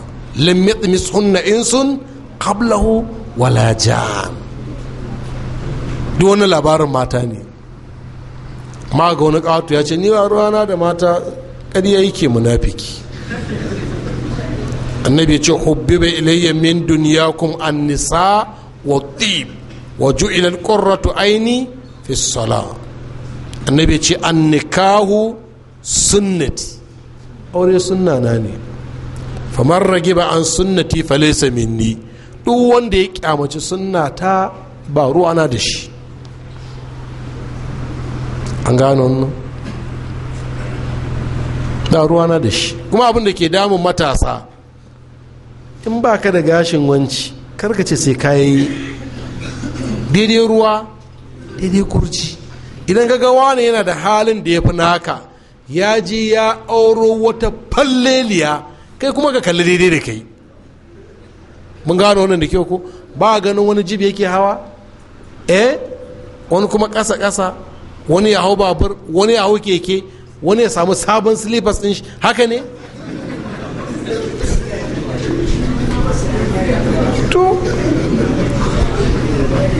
Speaker 3: lam yatmis hunna insun qablahu wala jan duk wani labarin mata ne ma ga wani ƙato ya ce ni ba ruwana da mata ƙarya yake munafiki annabi ya ce bai ilayya min kun an-nisa wa tib wa ju ilal aini fi annabi ce an-nikahu sunnati aure sunna na ne famar ba an sunnati falesa minni duk wanda ya kyamaci sunna ta ba ruwana da shi an gano wannan da ruwa na da shi kuma abin da ke damun matasa in ba ka da gashin wanci karka ce sai ka yi daidai ruwa daidai kurci idan ka ga wani yana da halin da ya fi naka ya ji ya auro wata falleliya kai kuma ka kalli daidai da kai mun gano wannan da kyau ko ba ganin wani jibi yake hawa eh wani kuma ƙasa-ƙasa wani ya hau babur wani ya hau keke wani ya samu sabon slippers din shi haka ne to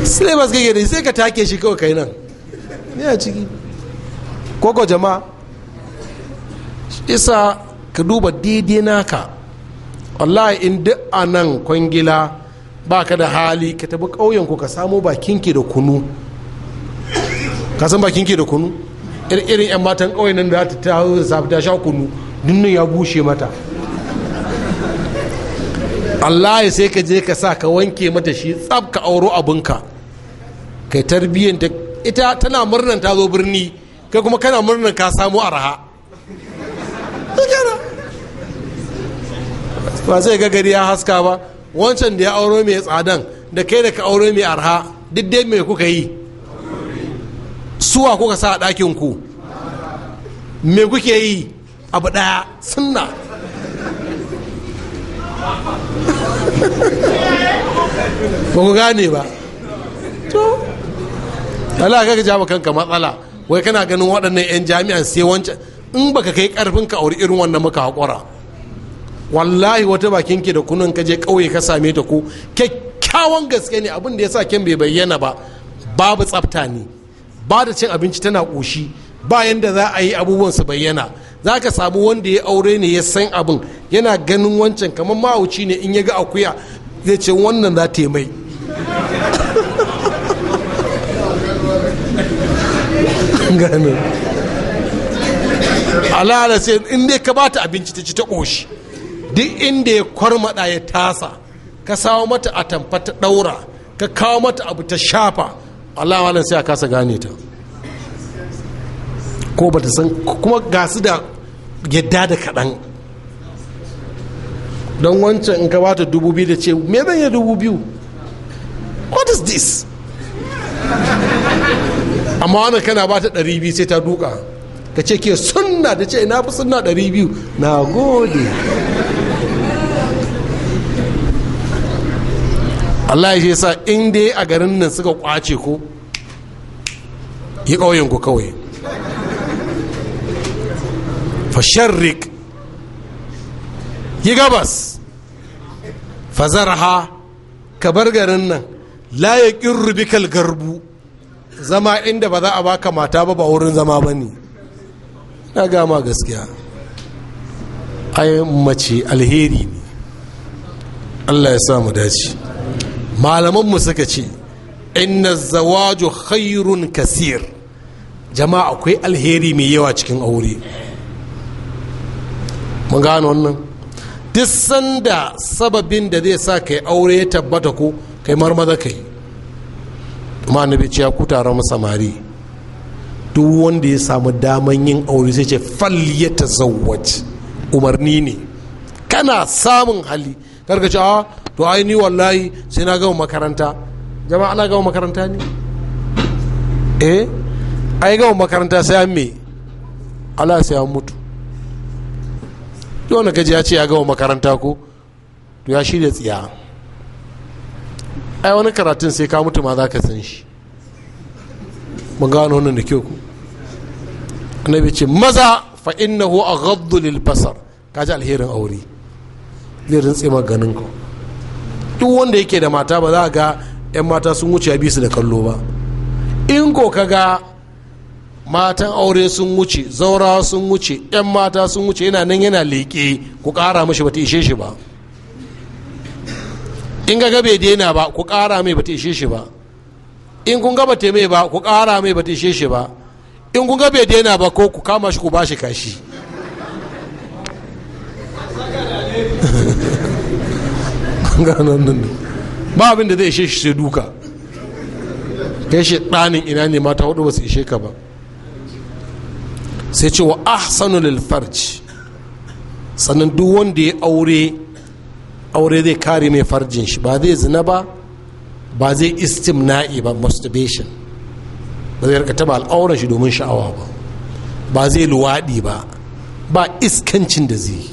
Speaker 3: slippers kake da sai ka take shi kawai kai nan ne a ciki koko jama'a isa ka duba daidai naka wallahi in duk a nan kwangila ba ka da hali ka tabi ƙauyen ku ka samo bakinki da kunu ka san bakin ke da kunu irin yan matan kawai nan da ta hau da safi ta sha kunu dunnan ya bushe mata Allah ya sai ka je ka sa ka wanke mata shi tsab ka auro abinka kai tarbiyyanta ita tana murnan ta zo birni kai kuma kana murnan ka samu araha. ba zai ga ya haska ba wancan da ya auro mai tsadan da kai da ka auro mai arha duk dai mai kuka yi suwa kuka sa a ɗakin ku me kuke yi abu ɗaya sunna ba ku gane ba to Allah ka ja kanka matsala wai kana ganin waɗannan 'yan jami'an sai wancan in baka kai karfin ka auri irin wannan muka haƙura wallahi wata bakin ke da kunun ka je ƙauye ka same ta ko kyakkyawan gaske ne abin da ya sa kyan bai bayyana ba babu tsafta ne ba da cin abinci tana ƙoshi bayan da za a yi abubuwan su bayyana za ka samu wanda ya aure ne ya san abin yana ganin wancan kamar mahauci ne in ya ga akuya zai ce wannan za ta yi mai gano alala sai in dai ka bata abinci ta ci ta ƙoshi duk inda ya kwarmada ya tasa ka sawo mata atamfa ta ɗaura ka kawo mata abu ta shafa Allah malam sai a kasa gane ta ko ba ta san kuma ga su da yadda da kaɗan don wancan in ka bata dubu biyu da ce me zan yi dubu biyu what is this amma wani kana bata ɗari biyu sai ta duka ka ce ke sunna da ce ina fi sunna ɗari biyu na
Speaker 4: gode
Speaker 3: Allah ya sa in dai a garin nan suka kwace ko yi ƙauyenku kawai fasharrik yi gabas fazarha ka bar garin nan laye rubikal garbu zama inda ba za a baka mata ba ba wurin zama ba ne na gama gaskiya ai mace alheri ne allah ya samu dace malamanmu suka ce inna zawaju khairun kasir jama'a akwai alheri mai yawa cikin aure mun gano wannan duk sanda sababin da zai sa kai aure ya tabbata ko kai marmaza kai kuma na ce ya kutara mu samari duk wanda ya samu daman yin aure sai ce fal ya umarni ne kana samun hali karka ce a ah, to ni wallahi sai na gama makaranta jama'a ana gama makaranta ne eh ai gama makaranta sai an me ala sai an mutu yau na ya ce ya gama makaranta ko to ya shirya tsiya ai wani karatun sai ka mutu ma za ka san shi mun gano wannan da kyau ku annabi ce maza fa innahu aghaddu lil basar kaji alherin aure zai rintse ma ganin ka duk wanda yake da mata ba za ga yan mata sun wuce bi su da kallo ba in ko ka ga matan aure sun wuce zaura sun wuce 'yan mata sun wuce yana nan yana leƙe ku ƙara mashi bata ishe shi ba in ga bai daina ba ku ƙara mai bata ishe shi ba in kun gaba mai ba ku ƙara mai bata ishe shi ba in kun bai daina ba ko ku kama shi ku ba shi kashi ba abin da zai ishe shi sai duka kai shi ɗanin ina ne mata hudu ba su ishe ka ba sai ce wa ahsanu lil farj sannan duk wanda ya aure aure zai kare mai farjin shi ba zai zina ba ba zai istimna'i ba masturbation ba zai rika taba al'auran shi domin sha'awa ba ba zai luwaɗi ba ba iskancin da zai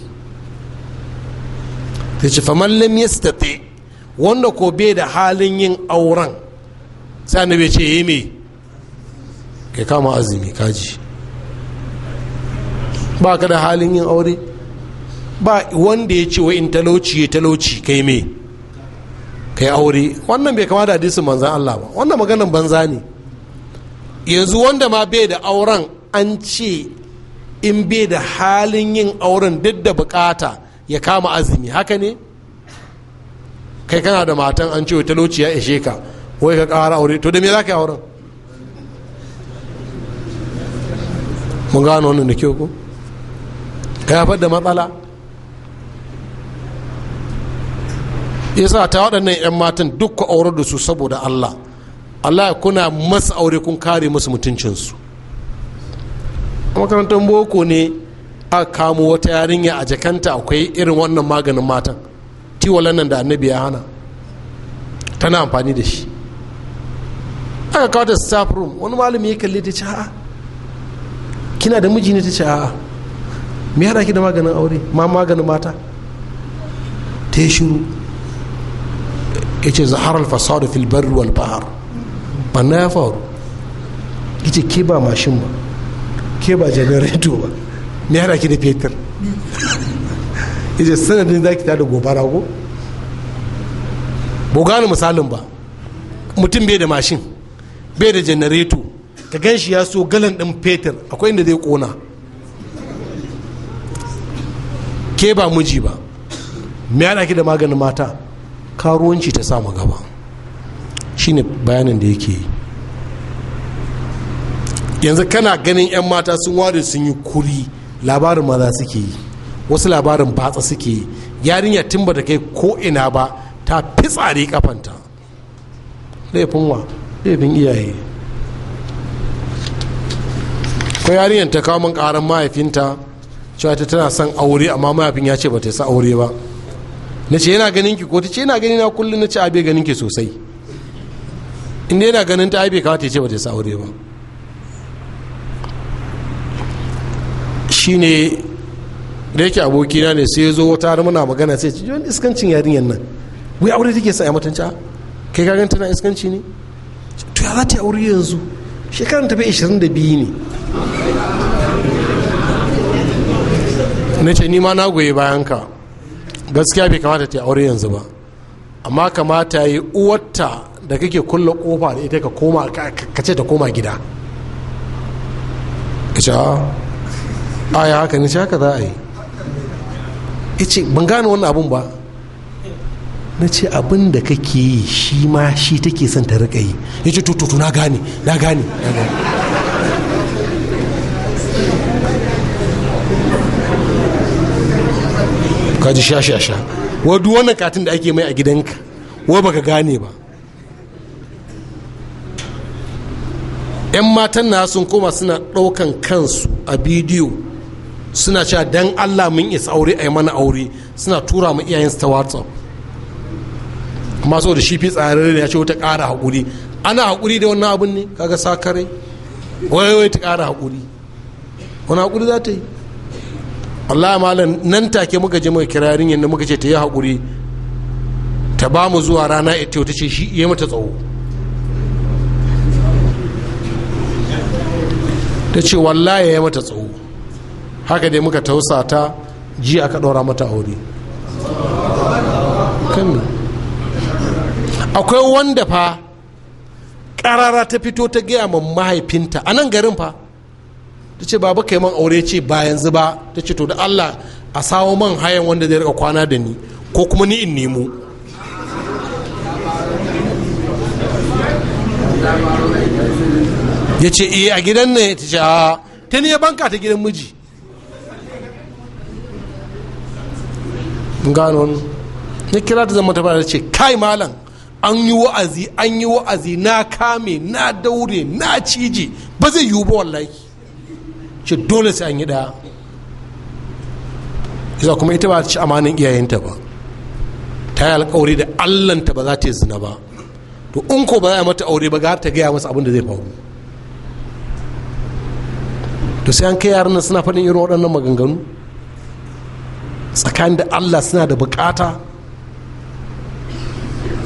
Speaker 3: ta ce faman lam wanda ko bai da halin yin auren sai annabi ce yi mai kai kama azumi kaji ba ka da halin yin aure ba wanda ya ce wa in talauci ya talauci kai me kai aure wannan bai kama da hadisin manzan Allah ba wannan maganan banza ne yanzu wanda ma bai da auren an ce in bai da halin yin auren duk da bukata ya kama azumi haka ne kai kana da matan an ce wa talauci ya ishe ka wai ka kara aure to da me za ka yi auren mun gano wannan da kyau ko ka haifar da matsala yasa ta waɗannan 'yan matan duk ku aurar da su saboda allah allah kuna masu aure kun kare masu mutuncinsu a makarantar boko ne a kamo wata yarinya a jakanta akwai irin wannan maganin matan tiwalan nan da annabi ya hana tana amfani da shi aka kawo ta staff room wani malami ya kalli ta ce a'a kina da miji ne ta ce a'a me haɗa ki da maganin aure ma maganin mata ta yi shiru ya ce zahar alfasadu fil barri wal bahar banna ya faru ya ce ke ba mashin ba ke ba janareto ba me haɗa ki da fetur ya ce sanadin za ki ta da gobara ko ba gane misalin ba mutum bai da mashin bai da janareto ka gan shi ya so galan ɗin fetur akwai inda zai ƙona ke ba miji ba me yana ki da maganin mata karuwanci ta samu gaba shine bayanin da yake yi yanzu kana ganin 'yan mata sun ware sun yi kuri labarin maza suke yi wasu labarin batsa suke yi yarinya tun ba da kai ko ina ba ta fi fitsari kafanta laifin wa laifin iyaye ko yarinyar ta kawo mun karan mahaifinta cewa ta tana son aure amma mahaifin ya ce ba ta sa aure ba na ce yana ganin ki ko ta ce yana gani na kullum na ce abe ganin ki sosai inda yana ganin ta abe kawai ta ce ba ta sa aure ba shine da yake abokina ne sai ya zo wata har muna magana sai ce wani iskancin yarinyar nan wai aure take sa ya mutunci kai ka gan tana iskanci ne to ya za ta aure yanzu shekaran ta bai 22 ne na ce ni ma na goyi bayanka gaskiya bai kamata ta aure yanzu ba amma kamata yi uwarta da kake kulla kofa da ita ka koma ce ta koma gida ah, a ya haka ni ce haka za a yi ce ban gane wannan abun ba na ce abin da kake yi shi ma shi take son ta rika yi ya ce tututu na gane na gane na gane ka ji sha sha sha wa duk wannan katin da ake mai a gidanka wa baka gane ba yan matan na sun koma suna ɗaukan kansu a bidiyo suna cewa dan allah mun isa aure a yi mana aure suna tura mu iyayensu ta whatsapp amma saboda shi fi tsararre ya ce wata ƙara haƙuri ana haƙuri da wannan abin ne kaga sakare wai wai ta ƙara haƙuri wani haƙuri za ta yi Allah malam nan take muka je muka kira yarinyar da muka ce ta yi haƙuri ta ba mu zuwa rana ita ta ce shi iya mata tsawo ta ce wallaye ya mata tsawo haka dai muka tausa ta ji aka ɗora mata aure akwai wanda fa ƙarara ta fito ta gaya ma mahaifinta a nan garin fa ta ce baba kai man aure ce ba yanzu ba ta ce to da allah a sawo man hayan wanda zai rika kwana da ni ko kuma ni in nemo ya ce iya eh, a gidan ne ta ce a ta ne banka ta gidan miji gano ya kira ta zama ta fara ce kai malam an yi wa'azi an yi wa'azi na kame na daure na cije ba zai yiwu ba wallahi ce dole sai an yi ɗaya isa kuma ita ba ci amanin iyayenta ba ta yi alkawari da allanta ba za ta yi zina ba to in ko ba za a mata aure ba ga ta gaya masa abin da zai faru to sai an kai yaran nan suna faɗin irin waɗannan maganganu tsakanin da allah suna da bukata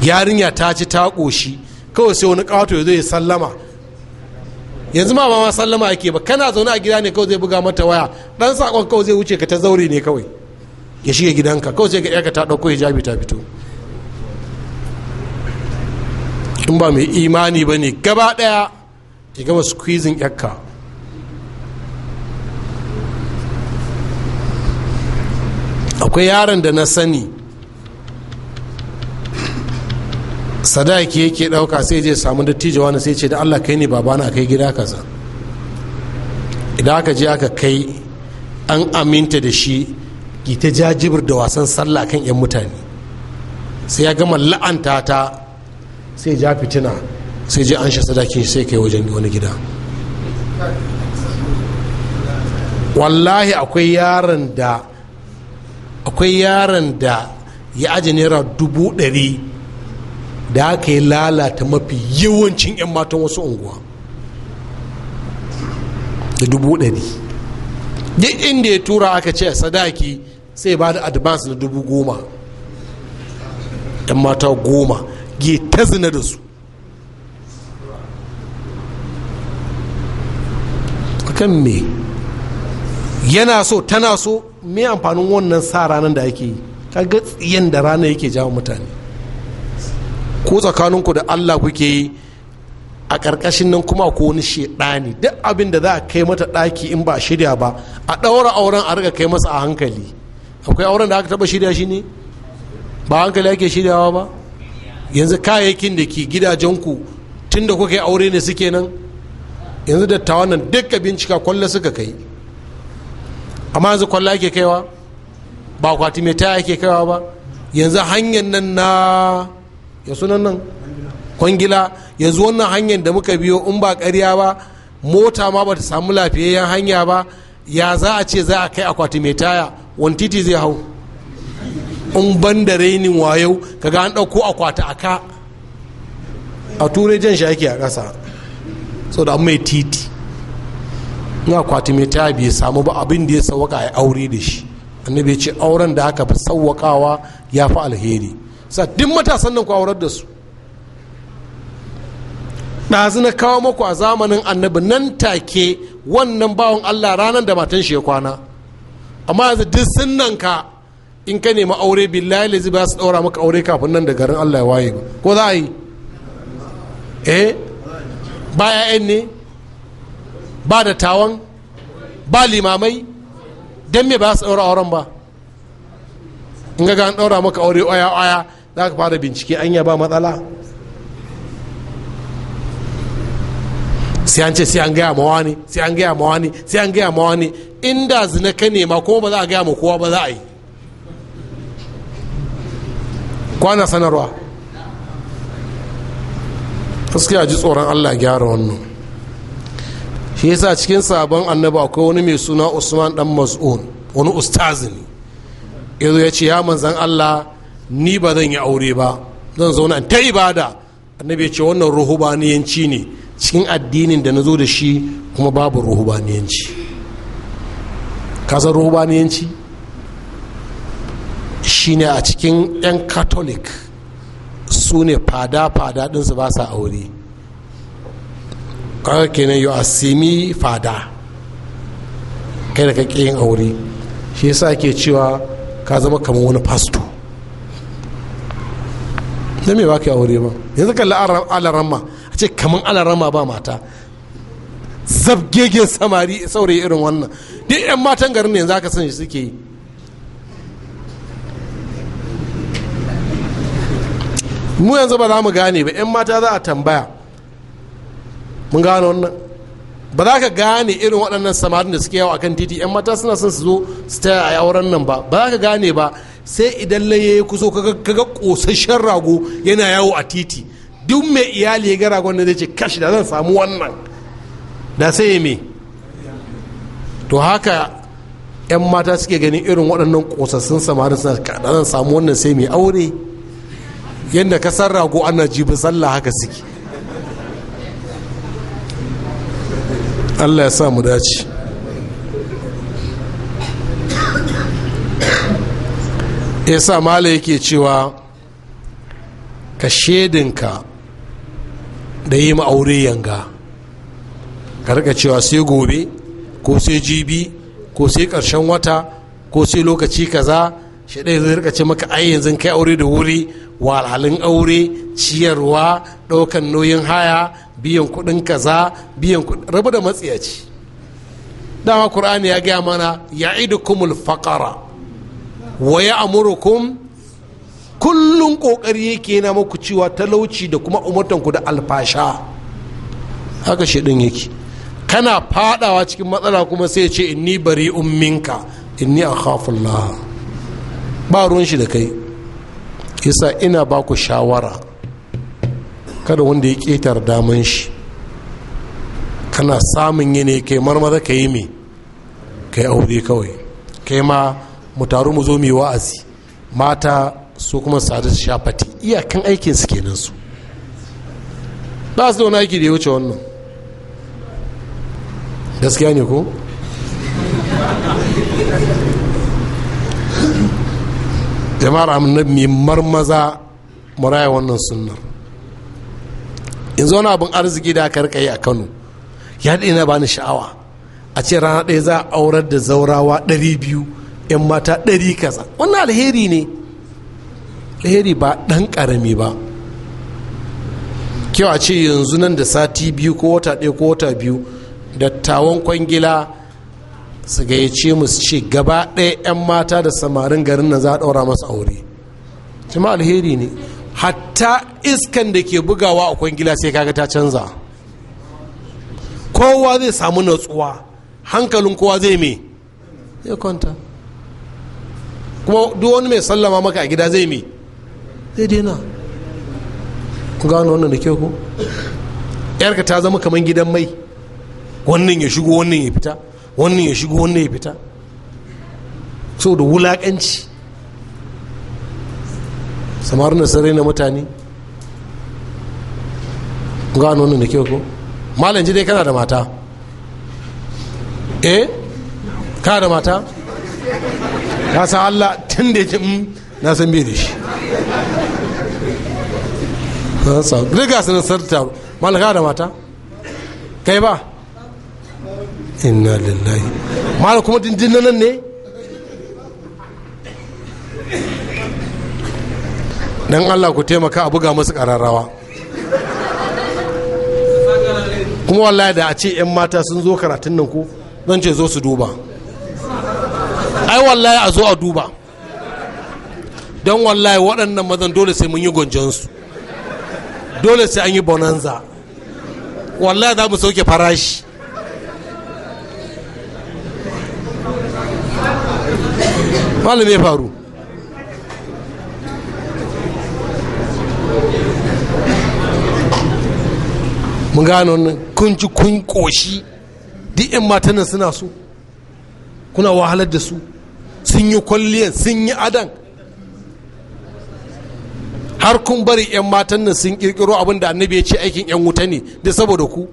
Speaker 3: yarinya ta ci ta ƙoshi kawai sai wani ƙato ya zo ya sallama yanzu ma ba ma sallama ake ba kana zaune a gida ne kawai zai buga mata waya dan sakon kawai zai wuce ka ta zaure ne kawai ya shiga gidanka kawai sai ga ka ta dauko hijabi ta fito in ba mai imani ba ne gaba ɗaya ya gama squeezing yakka akwai yaron da na sani sadaki yake ɗauka sai je samu dattijo wani sai ce da allah kai ne babana kai gida kaza idan aka je aka kai an aminta da shi ki ta jajibir da wasan sallah kan 'yan mutane sai ya gama la'anta ta sai ja fitina sai je an sha sadaki sai kai wajen wani gida wallahi akwai yaron da akwai yaron da ya ajiye naira dubu ɗari da aka yi lalata mafi yawancin 'yan matan wasu unguwa da dubu ɗari duk inda ya tura aka ce a sadaki sai ba da advance na dubu goma 'yan mata goma ge ta zina da su kan me yana so tana so me amfanin wannan sa ranar da ake yi kaga tsiyan da rana yake jawo mutane Ko tsakaninku da allah kuke yi a ƙarƙashin nan kuma ko wani shaɗani duk abin da za a kai mata ɗaki in ba shirya ba a ɗaura auren a riga kai masa a hankali akwai auren da aka taɓa shirya shi ne ba hankali ake shiryawa ba yanzu kayayyakin da ke gidajenku tun da kuka yi aure ne suke nan yanzu dattawa nan duka bincika kwallo suka kai amma yanzu kwallo ake kaiwa ba kwati mai taya ake kaiwa ba yanzu hanyar nan na ya sunan nan kwangila yanzu wannan hanyar da muka biyo in ba karya ba mota ma ba ta samu lafiyayyen hanya ba ya za a ce za a kai akwati mai taya wani titi zai hau in ban da rainin wayau kaga an ɗauko akwati a ka a turai jan shi ake a ƙasa sau da mai titi in akwati mai taya bai samu ba abin da ya sawaka a aure da shi annabi ce auren da aka fi sawakawa ya fi alheri sa duk matasan nan ku da su ɗazu na kawo maku a zamanin annabi nan take wannan bawan allah ranar da matan shi ya kwana amma yanzu duk nan ka in ka nemi aure billahi lazi ba su ɗaura maka aure kafin nan da garin allah ya waye ba ko za a yi eh ba 'ya'yan ne ba da tawan ba limamai don me ba su ɗaura auren ba in ga an ɗaura maka aure oya oya za ka fara bincike an ba matsala sai an ce sai an gaya mawa ne sai an gaya mawa ne sai an gaya mawa ne inda zina ka nema ko ba za a gaya ma kowa ba za a yi kwana sanarwa gaskiya ji tsoron allah gyara wannan shi yasa cikin sabon annaba akwai wani mai suna usman dan mas'ud wani ustazi ne yazo ya ce ya manzan allah ni ba zan yi aure ba zan zauna ta ibada annabi ce wannan ruhubaniyanci ne cikin addinin da na zo da shi kuma babu ruhubaniyanci kasar ruhubaniyanci shi ne a cikin 'yan Katolik su ne fada-fada ɗinsu ba sa aure ƙarar kenan yau a simi fada kai da kake yin aure shi yasa ke cewa ka zama kamar wani fasto don me baka aure ba yanzu kalli alarama a ce kamar alarama ba mata zabgegen samari saurayi irin wannan duk 'yan matan garin ne yanzu aka san shi suke yi mu yanzu ba za mu gane ba 'yan mata za a tambaya mun gane wannan ba za ka gane irin waɗannan samarin da suke yawo akan titi 'yan mata suna son su zo su taya a auren nan ba ba za ka gane ba sai idan laye ya kuso kaga kosasshen rago yana yawo a titi duk mai iyali ya ga ragon da zai ce kashi da zan samu wannan da sai ya me to haka 'yan mata suke ganin irin waɗannan kosassun samarin suna da zan samu wannan sai mai aure yadda ka san rago ana jibin sallah haka suke allah ya sa mu dace ya sa mala yake cewa ka shedinka da yi ma'aure yanga ka rika cewa sai gobe ko sai jibi ko sai ƙarshen wata ko sai lokaci kaza shi ɗaya zai rika ce maka ai yanzu kai aure da wuri walhalin aure ciyarwa ɗaukan nauyin haya biyan kuɗin kaza biyan kuɗin rabu da matsiyaci dama ƙur'ani ya gaya mana ya kumul faƙara wa ya amurukum kullum kokari yake na muku cewa talauci da kuma umartanku da alfasha haka shaɗin yake kana fadawa cikin matsala kuma sai ce inni bari umminka inni a khafullah ba ruwan shi da kai isa ina ba ku shawara kada wanda ya ƙetar daman shi kana samun yanayi kai marmara ka yi me ka yi aure kawai kai ma mu taru mu zo mu yi wa'azi mata su kuma sadu su shafati iyakan aikin su kenan su ba su da wani aiki da ya wuce wannan gaskiya ne ko jama'ar annabi marmaza muraya wannan sunnar zo wani abin arziki da aka rikayi a kano ya daina bani sha'awa a ce rana ɗaya za a aurar da zaurawa biyu. 'yan mata ɗari kaza wannan alheri ne alheri ba ɗan ƙarami ba kyau a ce yanzu nan da sati biyu ko wata ɗaya ko wata biyu dattawan kwangila su gayyace mu su ce gaba ɗaya 'yan mata da samarin garin nan za a ɗaura masu aure cima alheri ne hatta iskan da ke bugawa a kwangila sai kaga ta canza kowa zai samu natsuwa hankalin kowa zai me zai kwanta kuma duk wani mai sallama maka a gida zai mi zai daina ku gano wannan da ke ku yarka ta zama kamar gidan mai wannan ya shigo wannan ya fita wannan ya shigo wannan ya fita so da wulaƙanci samar na sarai na mutane ku gano wannan da ke ku malam ji dai kana da mata eh kana da mata ka san allah tun da ya mm, na san bai da shi riga su nan sarta malaka da mata kai ba inna lillahi mala kuma dindin nan ne dan allah ku taimaka a buga masu kararrawa kuma wallahi da a ce 'yan mata sun zo karatun nan ku zan ce zo su duba ai wallahi a zo a duba don wallahi waɗannan mazan dole sai mun yi gonjonsu dole sai an yi bonanza wallahi za mu sauke farashi malume faru mun gano kun ji kun koshi duk 'yan matanan suna so kuna wahalar da su sun yi kwalliya sun yi adan har kun bari 'yan matan nan sun kirkiro abin da annabi ya ce aikin 'yan wuta ne da saboda ku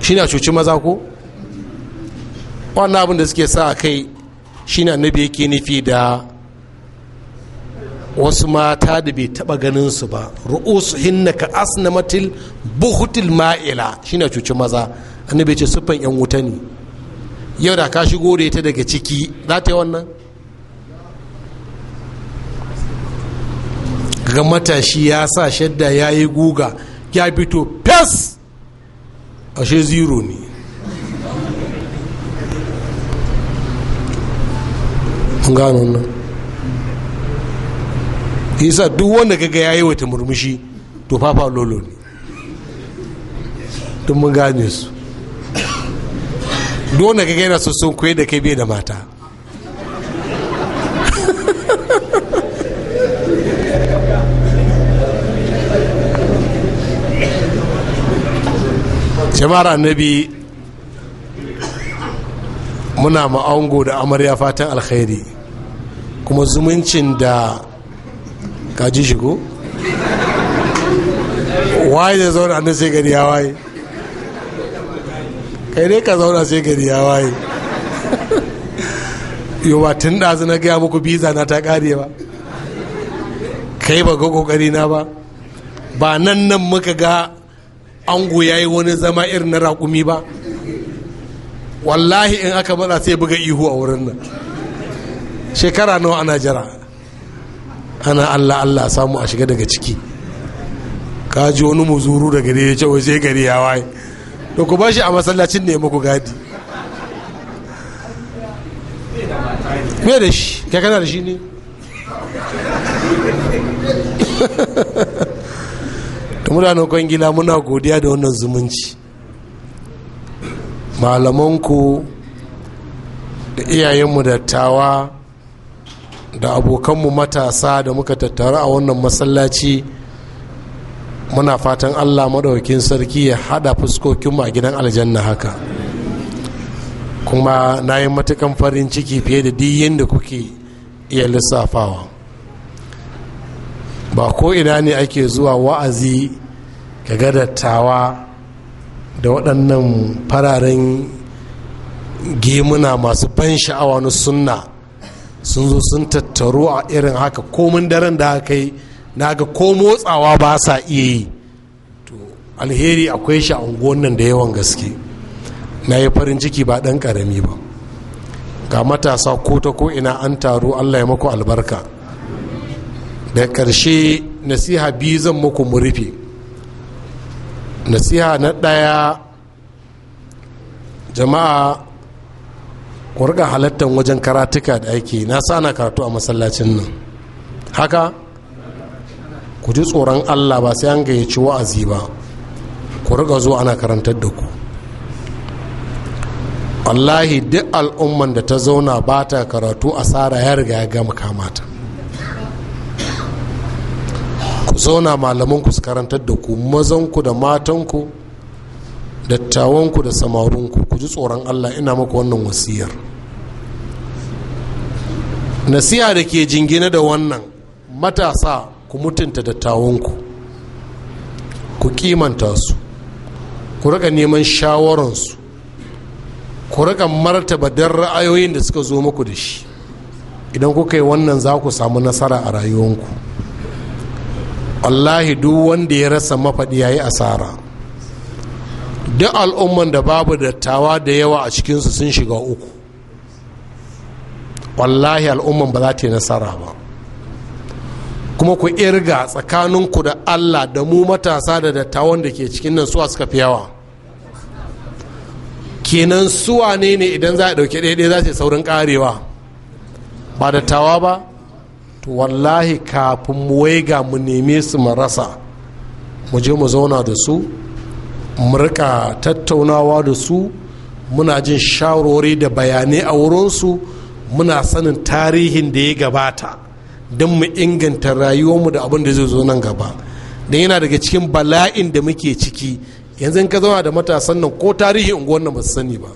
Speaker 3: shi ne a cuci maza ko wannan abin da suke sa kai shi ne annabi yake nufi da wasu mata da bai taba ganin su ba ru'usu hinna ka matil buhutil ma'ila shi ne a cuci maza annabi ya ce siffan 'yan wuta ne yau da ka shigo da ita daga ciki za ta yi wannan ga matashi ya sa shadda ya yi guga ya fito fes ashe zero ne gano nan isa duk wanda gaga ya yi wata murmushi to fafa lolo ne tun mun gane su dole ka gaina su sun da kai bai da mata jama'ar annabi muna ma'ango da amarya fatan alkhairi kuma zumuncin da kaji shigo waye da zaune annabi sai gani ya waye kai ne ka zauna sai gari ya waye ba tun ɗazu na gaya muku biza na ta kare ba kai ba ga ƙoƙari na ba ba nan nan muka ga ango ya yi wani zama irin na raƙumi ba wallahi in aka matsa sai buga ihu a wurin nan shekara nawa ana jira ana allah allah samu a shiga daga ciki ka ji wani muzuru daga dai ya ce wai sai gari ya waye to ku bashi a masallacin ne muku gadi me da shi kai kana da shi ne to mutanen kwangila muna godiya da wannan zumunci malamanku da iyayenmu dattawa da abokanmu matasa da muka tattara a wannan masallaci muna fatan allah maɗaukin sarki ya haɗa fuskokinmu a gidan aljanna haka kuma na yi matukan farin ciki fiye da diyin da kuke iya lissafawa ba ko ina ne ake zuwa wa'azi ga gadattawa da waɗannan fararen gemuna masu ban sha'awa na sunna sun zo sun tattaru a irin haka komin daren da haka yi na ga ko motsawa ba sa iya yi to alheri akwai shi a unguwan nan da yawan gaske na yi farin ciki ba dan karami ba ga matasa ko ta ko ina an taru allah ya maku albarka da ƙarshe nasiha biyu zan muku mu rufe nasiha na ɗaya jama'a ku riga halattar wajen karatuka da ake na sana karatu a masallacin nan haka ku ji tsoron allah ba sai an gayyaci wa'azi ba ku riga zuwa ana karantar da ku wallahi duk al'umman da ta zauna ba ta karatu asara ya riga ya gama kamata ku zauna malaman ku su karantar da ku mazanku da matanku dattawanku da samarinku ku ji tsoron allah ina maka wannan wasiyar nasiha da ke jingina da wannan matasa ku mutunta dattawanku ku kimanta su ku raka neman shawararsu ku rika martaba don ra'ayoyin da suka zo muku da shi idan kuka yi wannan za ku samu nasara a rayuwanku wallahi duk wanda ya rasa mafaɗi ya yi asara duk al'umman da babu dattawa da yawa a cikinsu sun shiga uku wallahi al'umman ba za ta yi nasara ba kuma ku irga tsakaninku da allah da mu matasa da dattawan da ke cikin nan suwa suka fi yawa kenan suwa ne ne idan za a ɗauki ɗaya za su saurin ƙarewa ba dattawa ba to wallahi kafin mu waiga mu neme su mu rasa mu je mu zauna da su mu rika tattaunawa da su muna jin shawarwari da bayanai a wurinsu muna sanin tarihin da ya gabata don mu inganta rayuwarmu da abin da zai zo nan gaba don yana daga cikin bala'in da muke ciki yanzu ka zauna da matasan nan ko tarihin unguwar nan ba su sani ba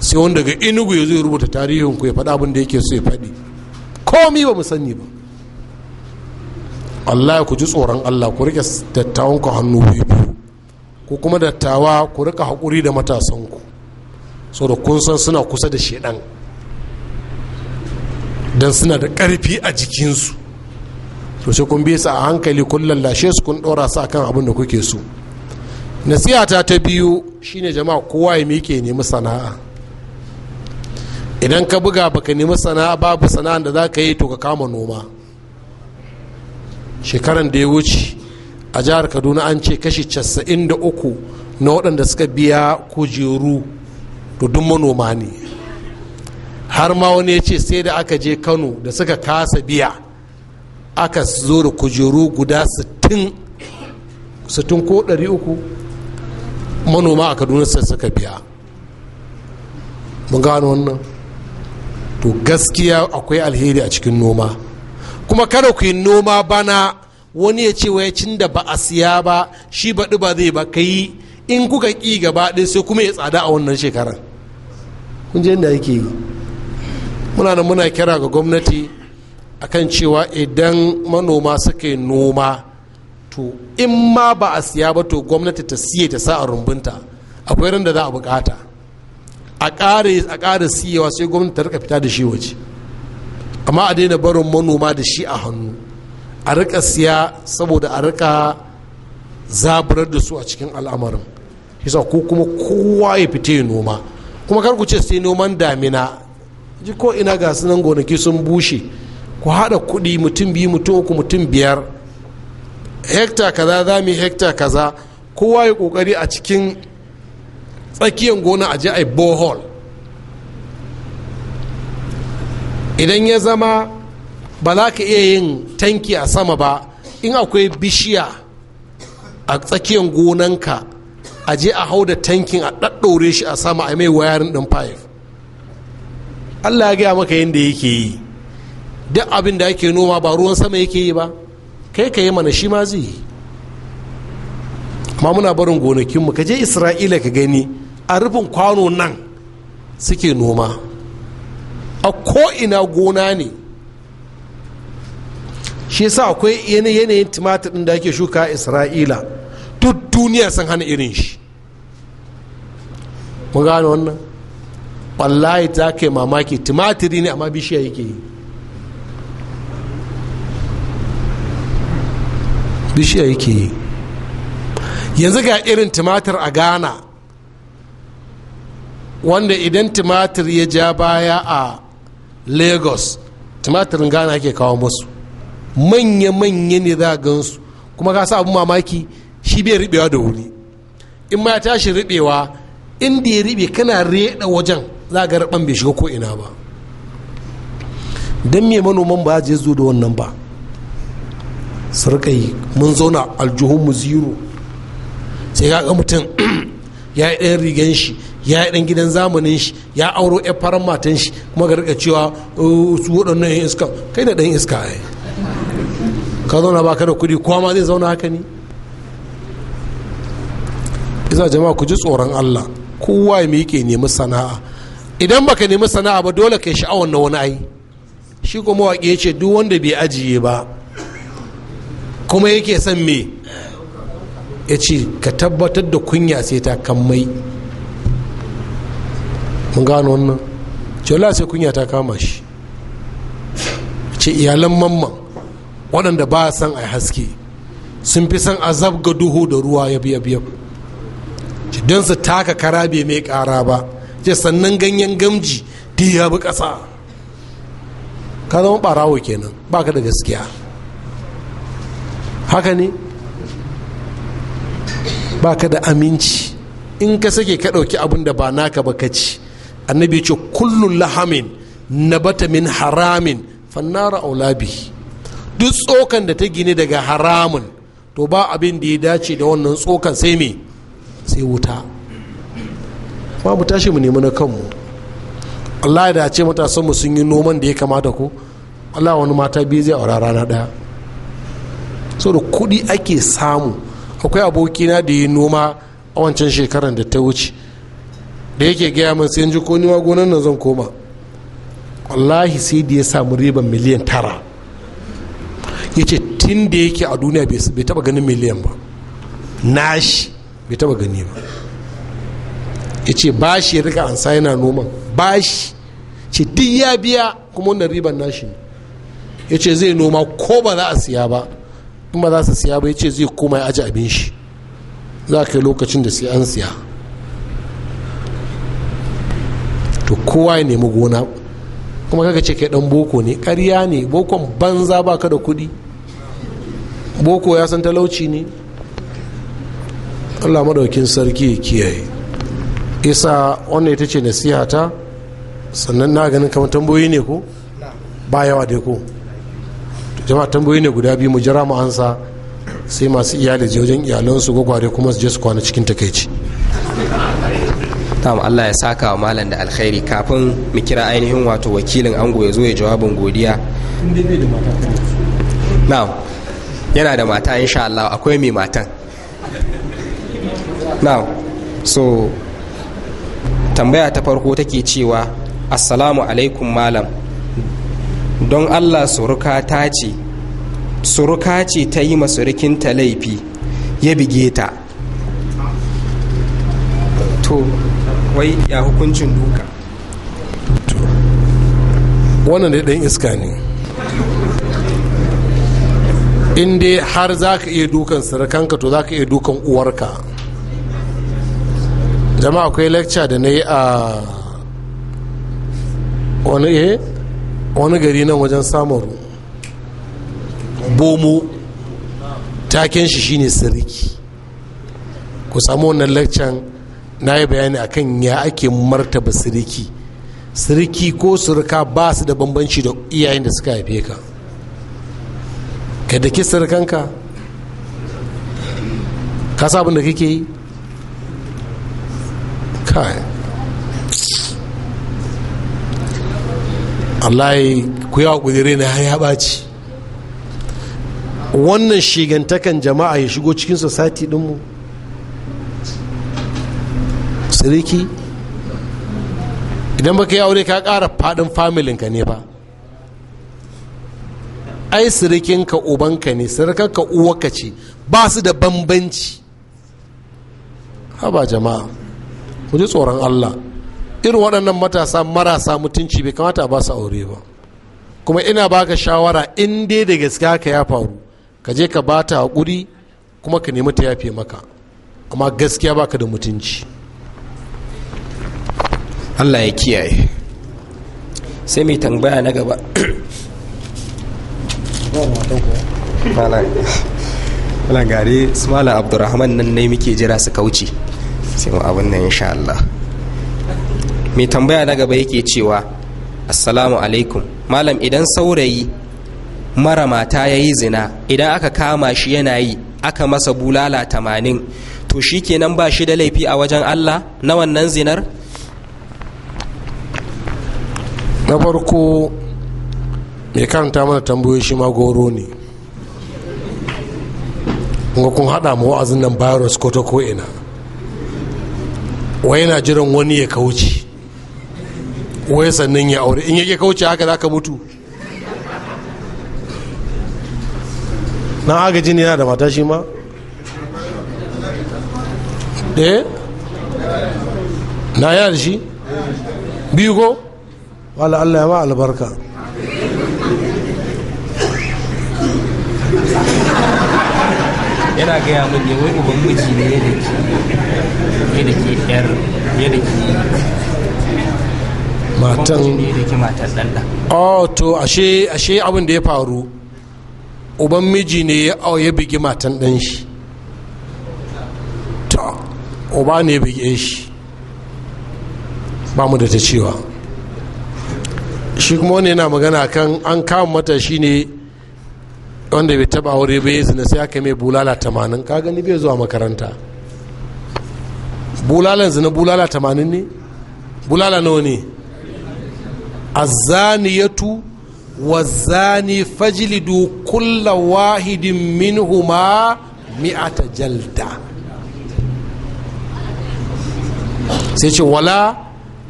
Speaker 3: sai wanda daga inugu ya zai rubuta tarihin ku ya faɗa abin da yake so ya faɗi komi ba mu sani ba Allah ku ji tsoron Allah ku rike dattawan ku hannu biyu ku kuma dattawa ku rika haƙuri da matasan ku saboda kun san suna kusa da shedan don suna da ƙarfi a jikinsu to sai kun bisa a hankali kun lallashe su kun ɗora su akan abin da kuke so nasihata ta biyu shine jama'a kowa ya miƙe nemi sana'a idan ka buga baka nemi sana'a babu sana'a da za ka yi to ka kama noma shekaran da ya wuce a jihar kaduna an ce kashi uku na waɗanda suka biya kujeru to duk manoma ne har ma wani ya ce sai da aka je kano da suka kasa biya aka zo da kujeru guda 60 ko 300 manoma a kaduna suka biya mun gano wannan to gaskiya akwai alheri a cikin noma kuma kada ku yi noma bana wani ya ce wai cin da ba a siya ba shi baɗi ba zai ba ka in kuka ki gaba ɗaya sai kuma ya tsada a wannan shekarar kun je inda yake yi muna da muna kira ga gwamnati akan cewa idan manoma suka yi noma to in ma ba a siya ba to gwamnati ta siya ta sa a rumbunta akwai ran da za a bukata a ƙara siyewa sai gwamnati ta rika fita da shi waje amma a daina barin manoma da shi a hannu a rika siya saboda a rika zaburar da su a cikin al'amarin yasa ko kuma kowa ya fita ya noma kuma kar ku ce sai noman damina ji ko ina ga sunan gonaki sun bushe ku haɗa kuɗi mutum biyu mutum uku mutum biyar hekta kaza za mu hekta kaza kowa ya ƙoƙari a cikin tsakiyar gona a je a bohol idan ya zama ba za ka iya yin tanki a sama ba in akwai bishiya a tsakiyar gonanka a je a hau da tankin a ɗaɗɗaure shi a sama a mai wayarin ɗin fayif allah ya gaya maka yadda yake yi duk abin da ake noma ba ruwan sama yake yi ba kai ka yi mana shi ma zai yi amma muna barin gonakinmu ka je isra'ila ka gani a rufin kwano nan suke noma a ko'ina gona ne shi yasa akwai yanayin tumatir ɗin da ake shuka a isra'ila duk duniya sun hana irin shi mu gane wannan wallahi ta kai mamaki tumatiri ne amma bishiya yake yi bishiya yake yi yanzu ga irin tumatir a ghana wanda idan tumatir ya ja baya a lagos tumatirin ghana ke kawo masu manya-manya ne za gansu kuma ka sa abu mamaki shi bai ribewa da wuri in ma ya tashi ribewa inda ya ribe kana reda wajen za ga raban bai shiga koina ba don me manoman ba je zo da wannan ba sarkai mun zauna aljuhun mu zero sai ga mutum ya yi ɗan rigan shi ya yi ɗan gidan zamanin shi ya auro ya farar matan shi kuma ga rika cewa oh, su waɗannan yan iska kai da ɗan iska ka zauna ba ka da kuɗi kowa ma zai zauna haka ne iza jama'a ku ji tsoron allah kowa mai yake nemi sana'a idan baka nemi sana'a ba dole yi sha'awar na wani ai shi kuma waƙe ce duk wanda bai ajiye ba kuma yake son me ya ce ka tabbatar da kunya sai ta kammai mun gano wannan jola sai kunya ta kama shi ce iyalan mamman waɗanda ba san a haske sun fi san azab ga duhu da ruwa yab yab yab don su taka kara bai mai ƙara ba ce sannan ganyen gamji ti ya bi ƙasa ka zama ɓarawo kenan ba ka da gaskiya haka ne ba ka da aminci in ka sake ka ɗauki abin da ba naka ba ka ci annabi ce kullun lahamin na min haramin fannara aulabi duk tsokan da ta gini daga haramun to ba abin da ya dace da wannan tsokan sai me sai wuta amma mu tashi mu nemi na kanmu Allah da ce matasan mu sun yi noman da ya kamata ko Allah wani mata biyu zai aura rana daya da kuɗi ake samu akwai abokina da ya yi noma a wancan shekarar da ta wuce da yake gaya min sai ji ko nima gonan nan zan koma wallahi sai da ya samu riban miliyan tara ya ce tun da yake a duniya bai taba ganin miliyan ba nashi bai taba gani ba ya ce bashi ya rika ansa yana noman bashi ce duk ya biya kuma wannan riban nashi ya ce zai noma ko ba za a siya ba in ba za su siya ba ya ce zai koma ya aji abin shi za ka yi lokacin da sai an siya to kowa ya nemi gona kuma kaka ce kai dan boko ne karya ne bokon banza ba ka da kuɗi boko ya san talauci ne allah madaukin sarki ya kiyaye isa wannan ita ce nasihata sannan na ganin kamar tambayoyi ne ku ba yawa dai ku jama tambayoyi ne guda biyu mu jira mu ansa sai masu iyali je wajen iyalansu gwagware kuma su je su kwana cikin takaici
Speaker 1: tam Allah ya saka wa malam da alkhairi kafin mu kira ainihin wato wakilin ango ya zo ya jawabin godiya na'am yana da mata insha Allah akwai mai matan na'am so tambaya ta farko take cewa assalamu alaikum malam don allah suruka ta ce suruka ce ta yi masurikinta laifi ya bige ta
Speaker 3: to wai ya hukuncin duka wannan dai ɗan iska ne in dai har za ka iya dukan surukanka to za ka iya dukan uwarka jama'a akwai lecture da na yi a wani eh, wani gari nan wajen samun bomo taken shi shine siriki ku samu wannan lecture na yi bayani akan ya ake martaba siriki siriki ko surka ba su da bambanci da iyayen da suka haife ka ka daki sirkanka ka sabon da kake yi kai allahi ku yawa na ya ɓaci wannan shigantakan jama'a ya shigo cikin sati dinmu siriki idan baka yi aure ka ƙara faɗin familinka ne ba ai sirikinka ubanka ne sirikarka uwaka ce ba su da bambanci haba jama'a ku ji tsoron allah irin waɗannan matasa marasa mutunci bai kamata a ba su aure ba kuma ina baka shawara in dai da gaske haka ya faru ka je ka bata hakuri kuma ka nemi ta yafe maka amma gaskiya baka da mutunci allah ya kiyaye
Speaker 1: sai mai tambaya na gaba malam gari su malam abdurrahman nan ne muke jira su kauce sai mu abin nan insha Allah mai tambaya na gaba yake cewa assalamu alaikum malam idan saurayi mara mata ya yi zina idan aka kama shi yana yi aka masa bulala tamanin to shi kenan ba shi da laifi a wajen Allah na wannan zinar
Speaker 3: na farko mai karanta mana tambayoyi shi magoro goro ne kun haɗa ma wa'azin nan virus ko ta ko'ina wai yana jiran wani ya kauce wai sannan ya aure in yake kauce haka za ka mutu na agaji ne yana da mata shi ma ɗaya eh? na yana da shi biyu ko wala allah ya ma albarka
Speaker 1: yana gaya mun ne uban miji ne ya da
Speaker 3: ke yar ke matan ya oh to ashe ashe abin da ya faru uban miji ne ya oh, ya bigi matan dan shi ta uba ne ya bige shi ba mu da ta cewa shi kuma wani yana magana kan an kama mata shi ne wanda bai taba aure bai zina sai aka mai bulala tamanin ka gani bai zuwa makaranta bulalan zina bulala tamanin ne bulala nawa ne azaniyatu wa zani fajlidu kulla wahidin minhuma mi'ata jalda sai ce wala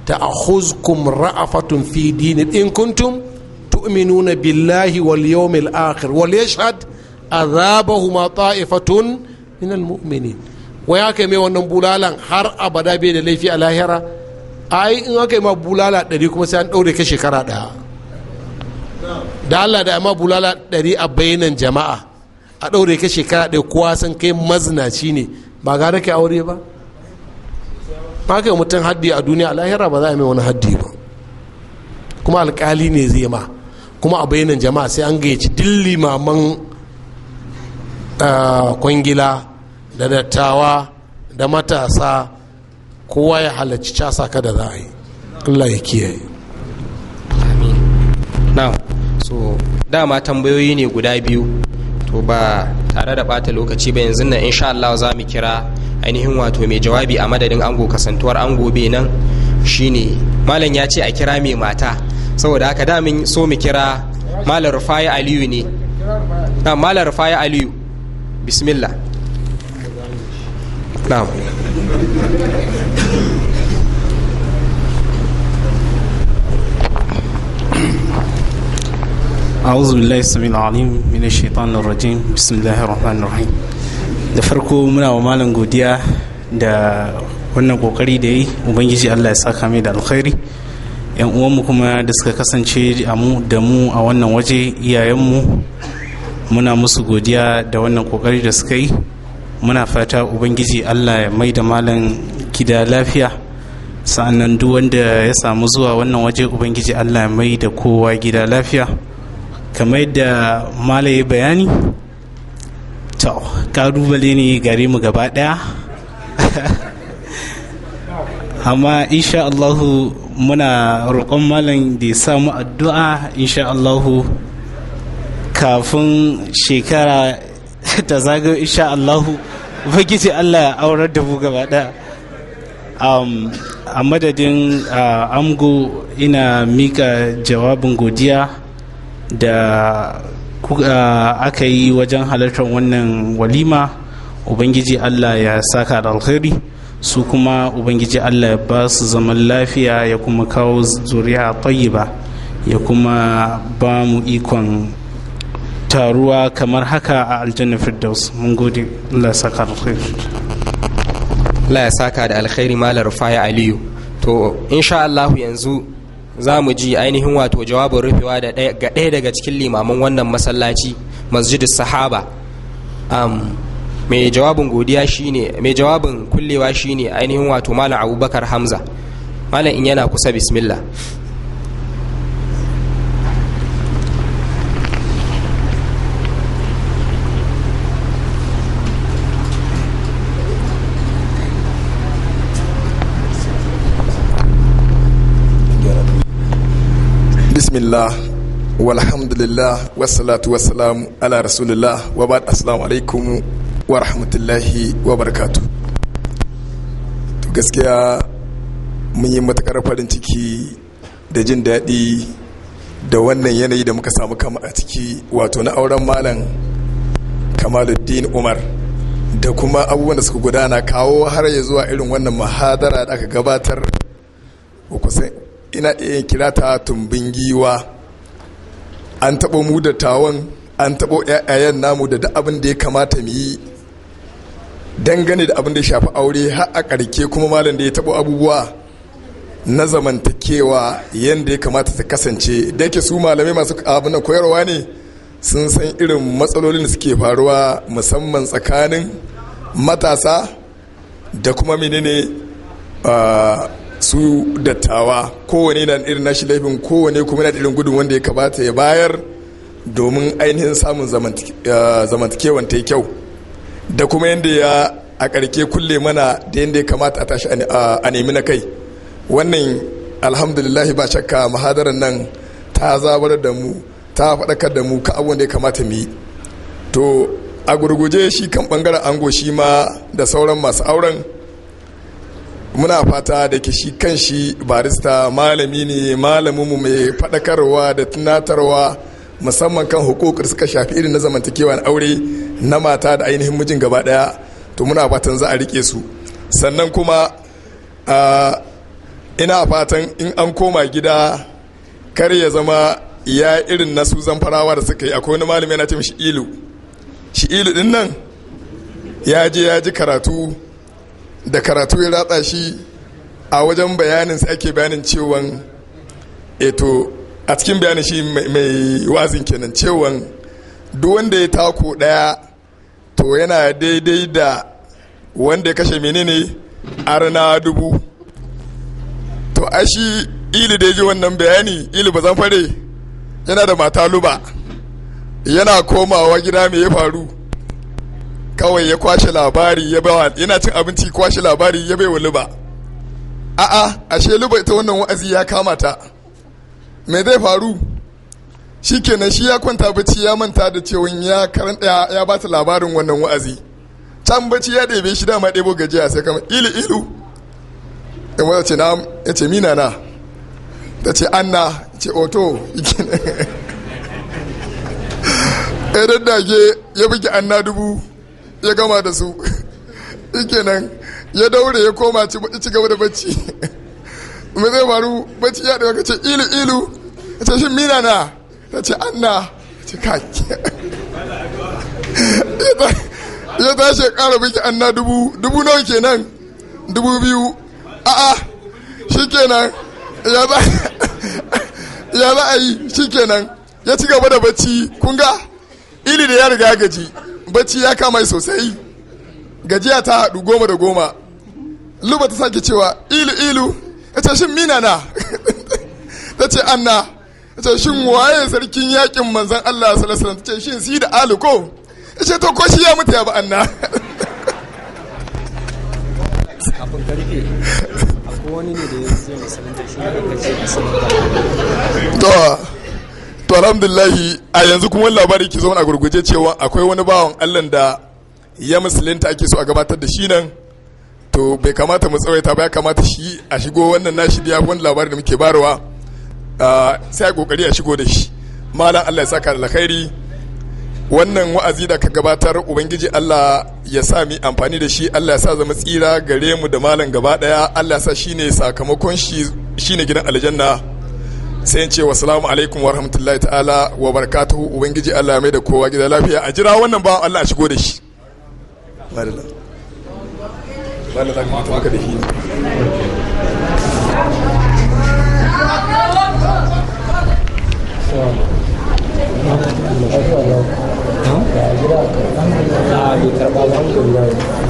Speaker 3: ta'khuzkum ra'afatun fi dini in kuntum tu'minuna billahi wal yawmil akhir wal yashhad adhabahuma ta'ifatun min al mu'minin wai aka yi mai wannan bulalan har abada bai da laifi a lahira ai in aka yi ma bulala ɗari kuma sai an ɗaure ka shekara ɗaya da allah da ma bulala ɗari a bayanan jama'a a ɗaure ka shekara ɗaya kowa san kai mazinaci ne ba gara ke aure ba ba kai mutum haddi a duniya a lahira ba za a mai wani haddi ba kuma alkali ne zai ma kuma a bayanan jama'a sai an gayyaci dilli maman ah, kwangila da dattawa da matasa kowa ya halarci casa kada za a yi allah ya kiyaye
Speaker 1: so dama tambayoyi ne guda biyu to ba tare da bata lokaci ba yanzu nan insha Allah za mu kira ainihin wato mai jawabi a madadin ango kasantuwar ango be nan shine malam ya ce a kira mai mata saboda haka damin so mu kira malam rufai aliyu ne malam rufai aliyu bismillah نعم
Speaker 5: أعوذ بالله السميع العليم من الشيطان الرجيم بسم الله الرحمن الرحيم da farko muna wa malam godiya da wannan kokari da yi ubangiji Allah ya saka mai da alkhairi yan uwanmu kuma da suka kasance da mu a wannan waje iyayen mu muna musu godiya da wannan kokari da suka yi muna fata ubangiji allah ya mai da malam gida lafiya sa'annan duk wanda ya samu zuwa wannan waje ubangiji allah ya mai da kowa gida lafiya kamar yadda malam ya bayani ta ƙalubale ne gare mu gaba daya amma insha allahu muna roƙon malam da ya samu addu'a insha allahu kafin shekara ta zagayo insha Allahu ubangiji Allah ya aurar da mu gaba daya um, a madadin uh, amgo ina mika jawabin godiya da uh, aka yi wajen halartar wannan walima ubangiji allah ya saka da alkhairi su kuma ubangiji allah ya ba su zaman lafiya ya kuma kawo zuriya tayyiba ya kuma ba mu ikon taruwa kamar haka a aljanna firdaus mun gode Allah ya saka alkhairi
Speaker 1: Allah ya saka da alkhairi malar rufaya aliyu to insha Allah yanzu za mu ji ainihin wato jawabin rufewa da ga ɗaya daga cikin limamin wannan masallaci masjid sahaba mai jawabin godiya shine mai jawabin kullewa shine ainihin wato malam abubakar hamza malam in yana kusa bismillah
Speaker 4: bismillah walhamdulillah wassalatu wassalamu ala rasulillah wa ba assalamu alaikum wa rahmatullahi wa barakatu gaskiya mun yi matakar farin ciki da jin daɗi da wannan yanayi da muka samu kama a ciki wato na auren malam kamaluddin umar da kuma abubuwan da suka gudana kawo har ya zuwa irin wannan mahadara da aka gabatar ina iya kira ta tumbin giwa an taɓo mu da tawon an taɓo yayan namu da duk abin da ya kamata mu yi dangane da abin da ya shafi aure har a ƙarke kuma malam da ya taɓo abubuwa na zamantakewa yadda ya kamata ta kasance da yake su malamai masu abin da koyarwa ne sun san irin matsalolin da suke faruwa musamman tsakanin matasa da kuma menene ah, su dattawa kowane na irin nashi laifin kowane kuma na irin gudun wanda ya kamata ya bayar domin ainihin samun zamantakewan ta kyau da kuma yadda ya a karke kulle mana da yadda ya kamata a tashi a nemi na kai wannan alhamdulillahi ba shakka mahadaran nan ta zabar da mu ta faɗakar da mu ka abubuwan da ya kamata mu yi to a gurguje shi kan ɓangaren ango shi ma da sauran masu auren muna fata da ke shi kan shi barista malami ne malaminmu mai faɗakarwa da tunatarwa musamman kan hukukur suka shafi irin na zamantakewa na aure na mata da ainihin mijin gaba ɗaya to muna fatan za a rike su sannan kuma ina fatan in an koma gida kar ya zama ya irin na su farawa da suka yi akwai wani malami yana ce shi ilu shi ilu din nan ya je ya ji karatu da karatu ya ratsa shi a wajen bayanin sai ake bayanin cewan eto eh a cikin bayanin shi mai wazin kenan cewa duk wanda ya tako daya to yana daidai da wanda ya kashe menene arna dubu to a shi ili da ji wannan bayani ili ba zan fare yana da mata luba yana komawa gida mai ya faru kawai ya kwashe labari ya bawa yana cin abinci kwashe labari ya bai wa luba a'a ashe luba ita wannan wa'azi ya kama ta me zai faru shi kenan shi ya kwanta bacci ya manta da cewa ya karanta ya ba ta labarin wannan wa'azi can bacci ya ɗebe shi dama ɗebo gajiya sai kama ilu ilu in wata ce na ya ce mina na ta ce anna ce oto oh, ya daddage ya bugi anna dubu ya gama da su kenan ya daure ya koma ci gaba da bacci mai zai faru bacci ya daga ce ilu ilu ya ce shi mina na ta ce anna ce kaki ya ta ce kara biki anna dubu dubu nawa kenan dubu biyu a'a shi kenan ya za ya za a yi shi kenan ya ci gaba da bacci kunga ili da ya riga gaji bacci ya kama sosai gajiya ta haɗu goma da goma luba ta sake cewa ilu ilu ya ce shin mina na ta ce anna ya ce shin waye sarkin yakin manzan allah salasalam ta ce shin si da alu ko ya ce to ko shi ya mutu ya ba anna
Speaker 1: kafin karfe wani ne da zai
Speaker 4: shi to alhamdulillahi a yanzu kuma labari ke zo a gurguje cewa akwai wani bawan allah da ya musulunta ake so a gabatar da shi nan to bai kamata mu tsawaita ba ya kamata shi a shigo wannan nashi da wani labari da muke barawa sai a kokari a shigo da shi malam allah ya saka da alkhairi wannan wa'azi da ka gabatar ubangiji allah ya sa mi amfani da shi allah ya sa zama tsira gare mu da malam gaba daya allah ya sa shine sakamakon shi shine gidan aljanna sai in ce wa salamu alaikum wa rahmatullahi ta'ala wa barakatuhu ubangiji Allah mai da kowa gida lafiya a jira wannan bawan Allah a shigo da shi
Speaker 1: Thank you.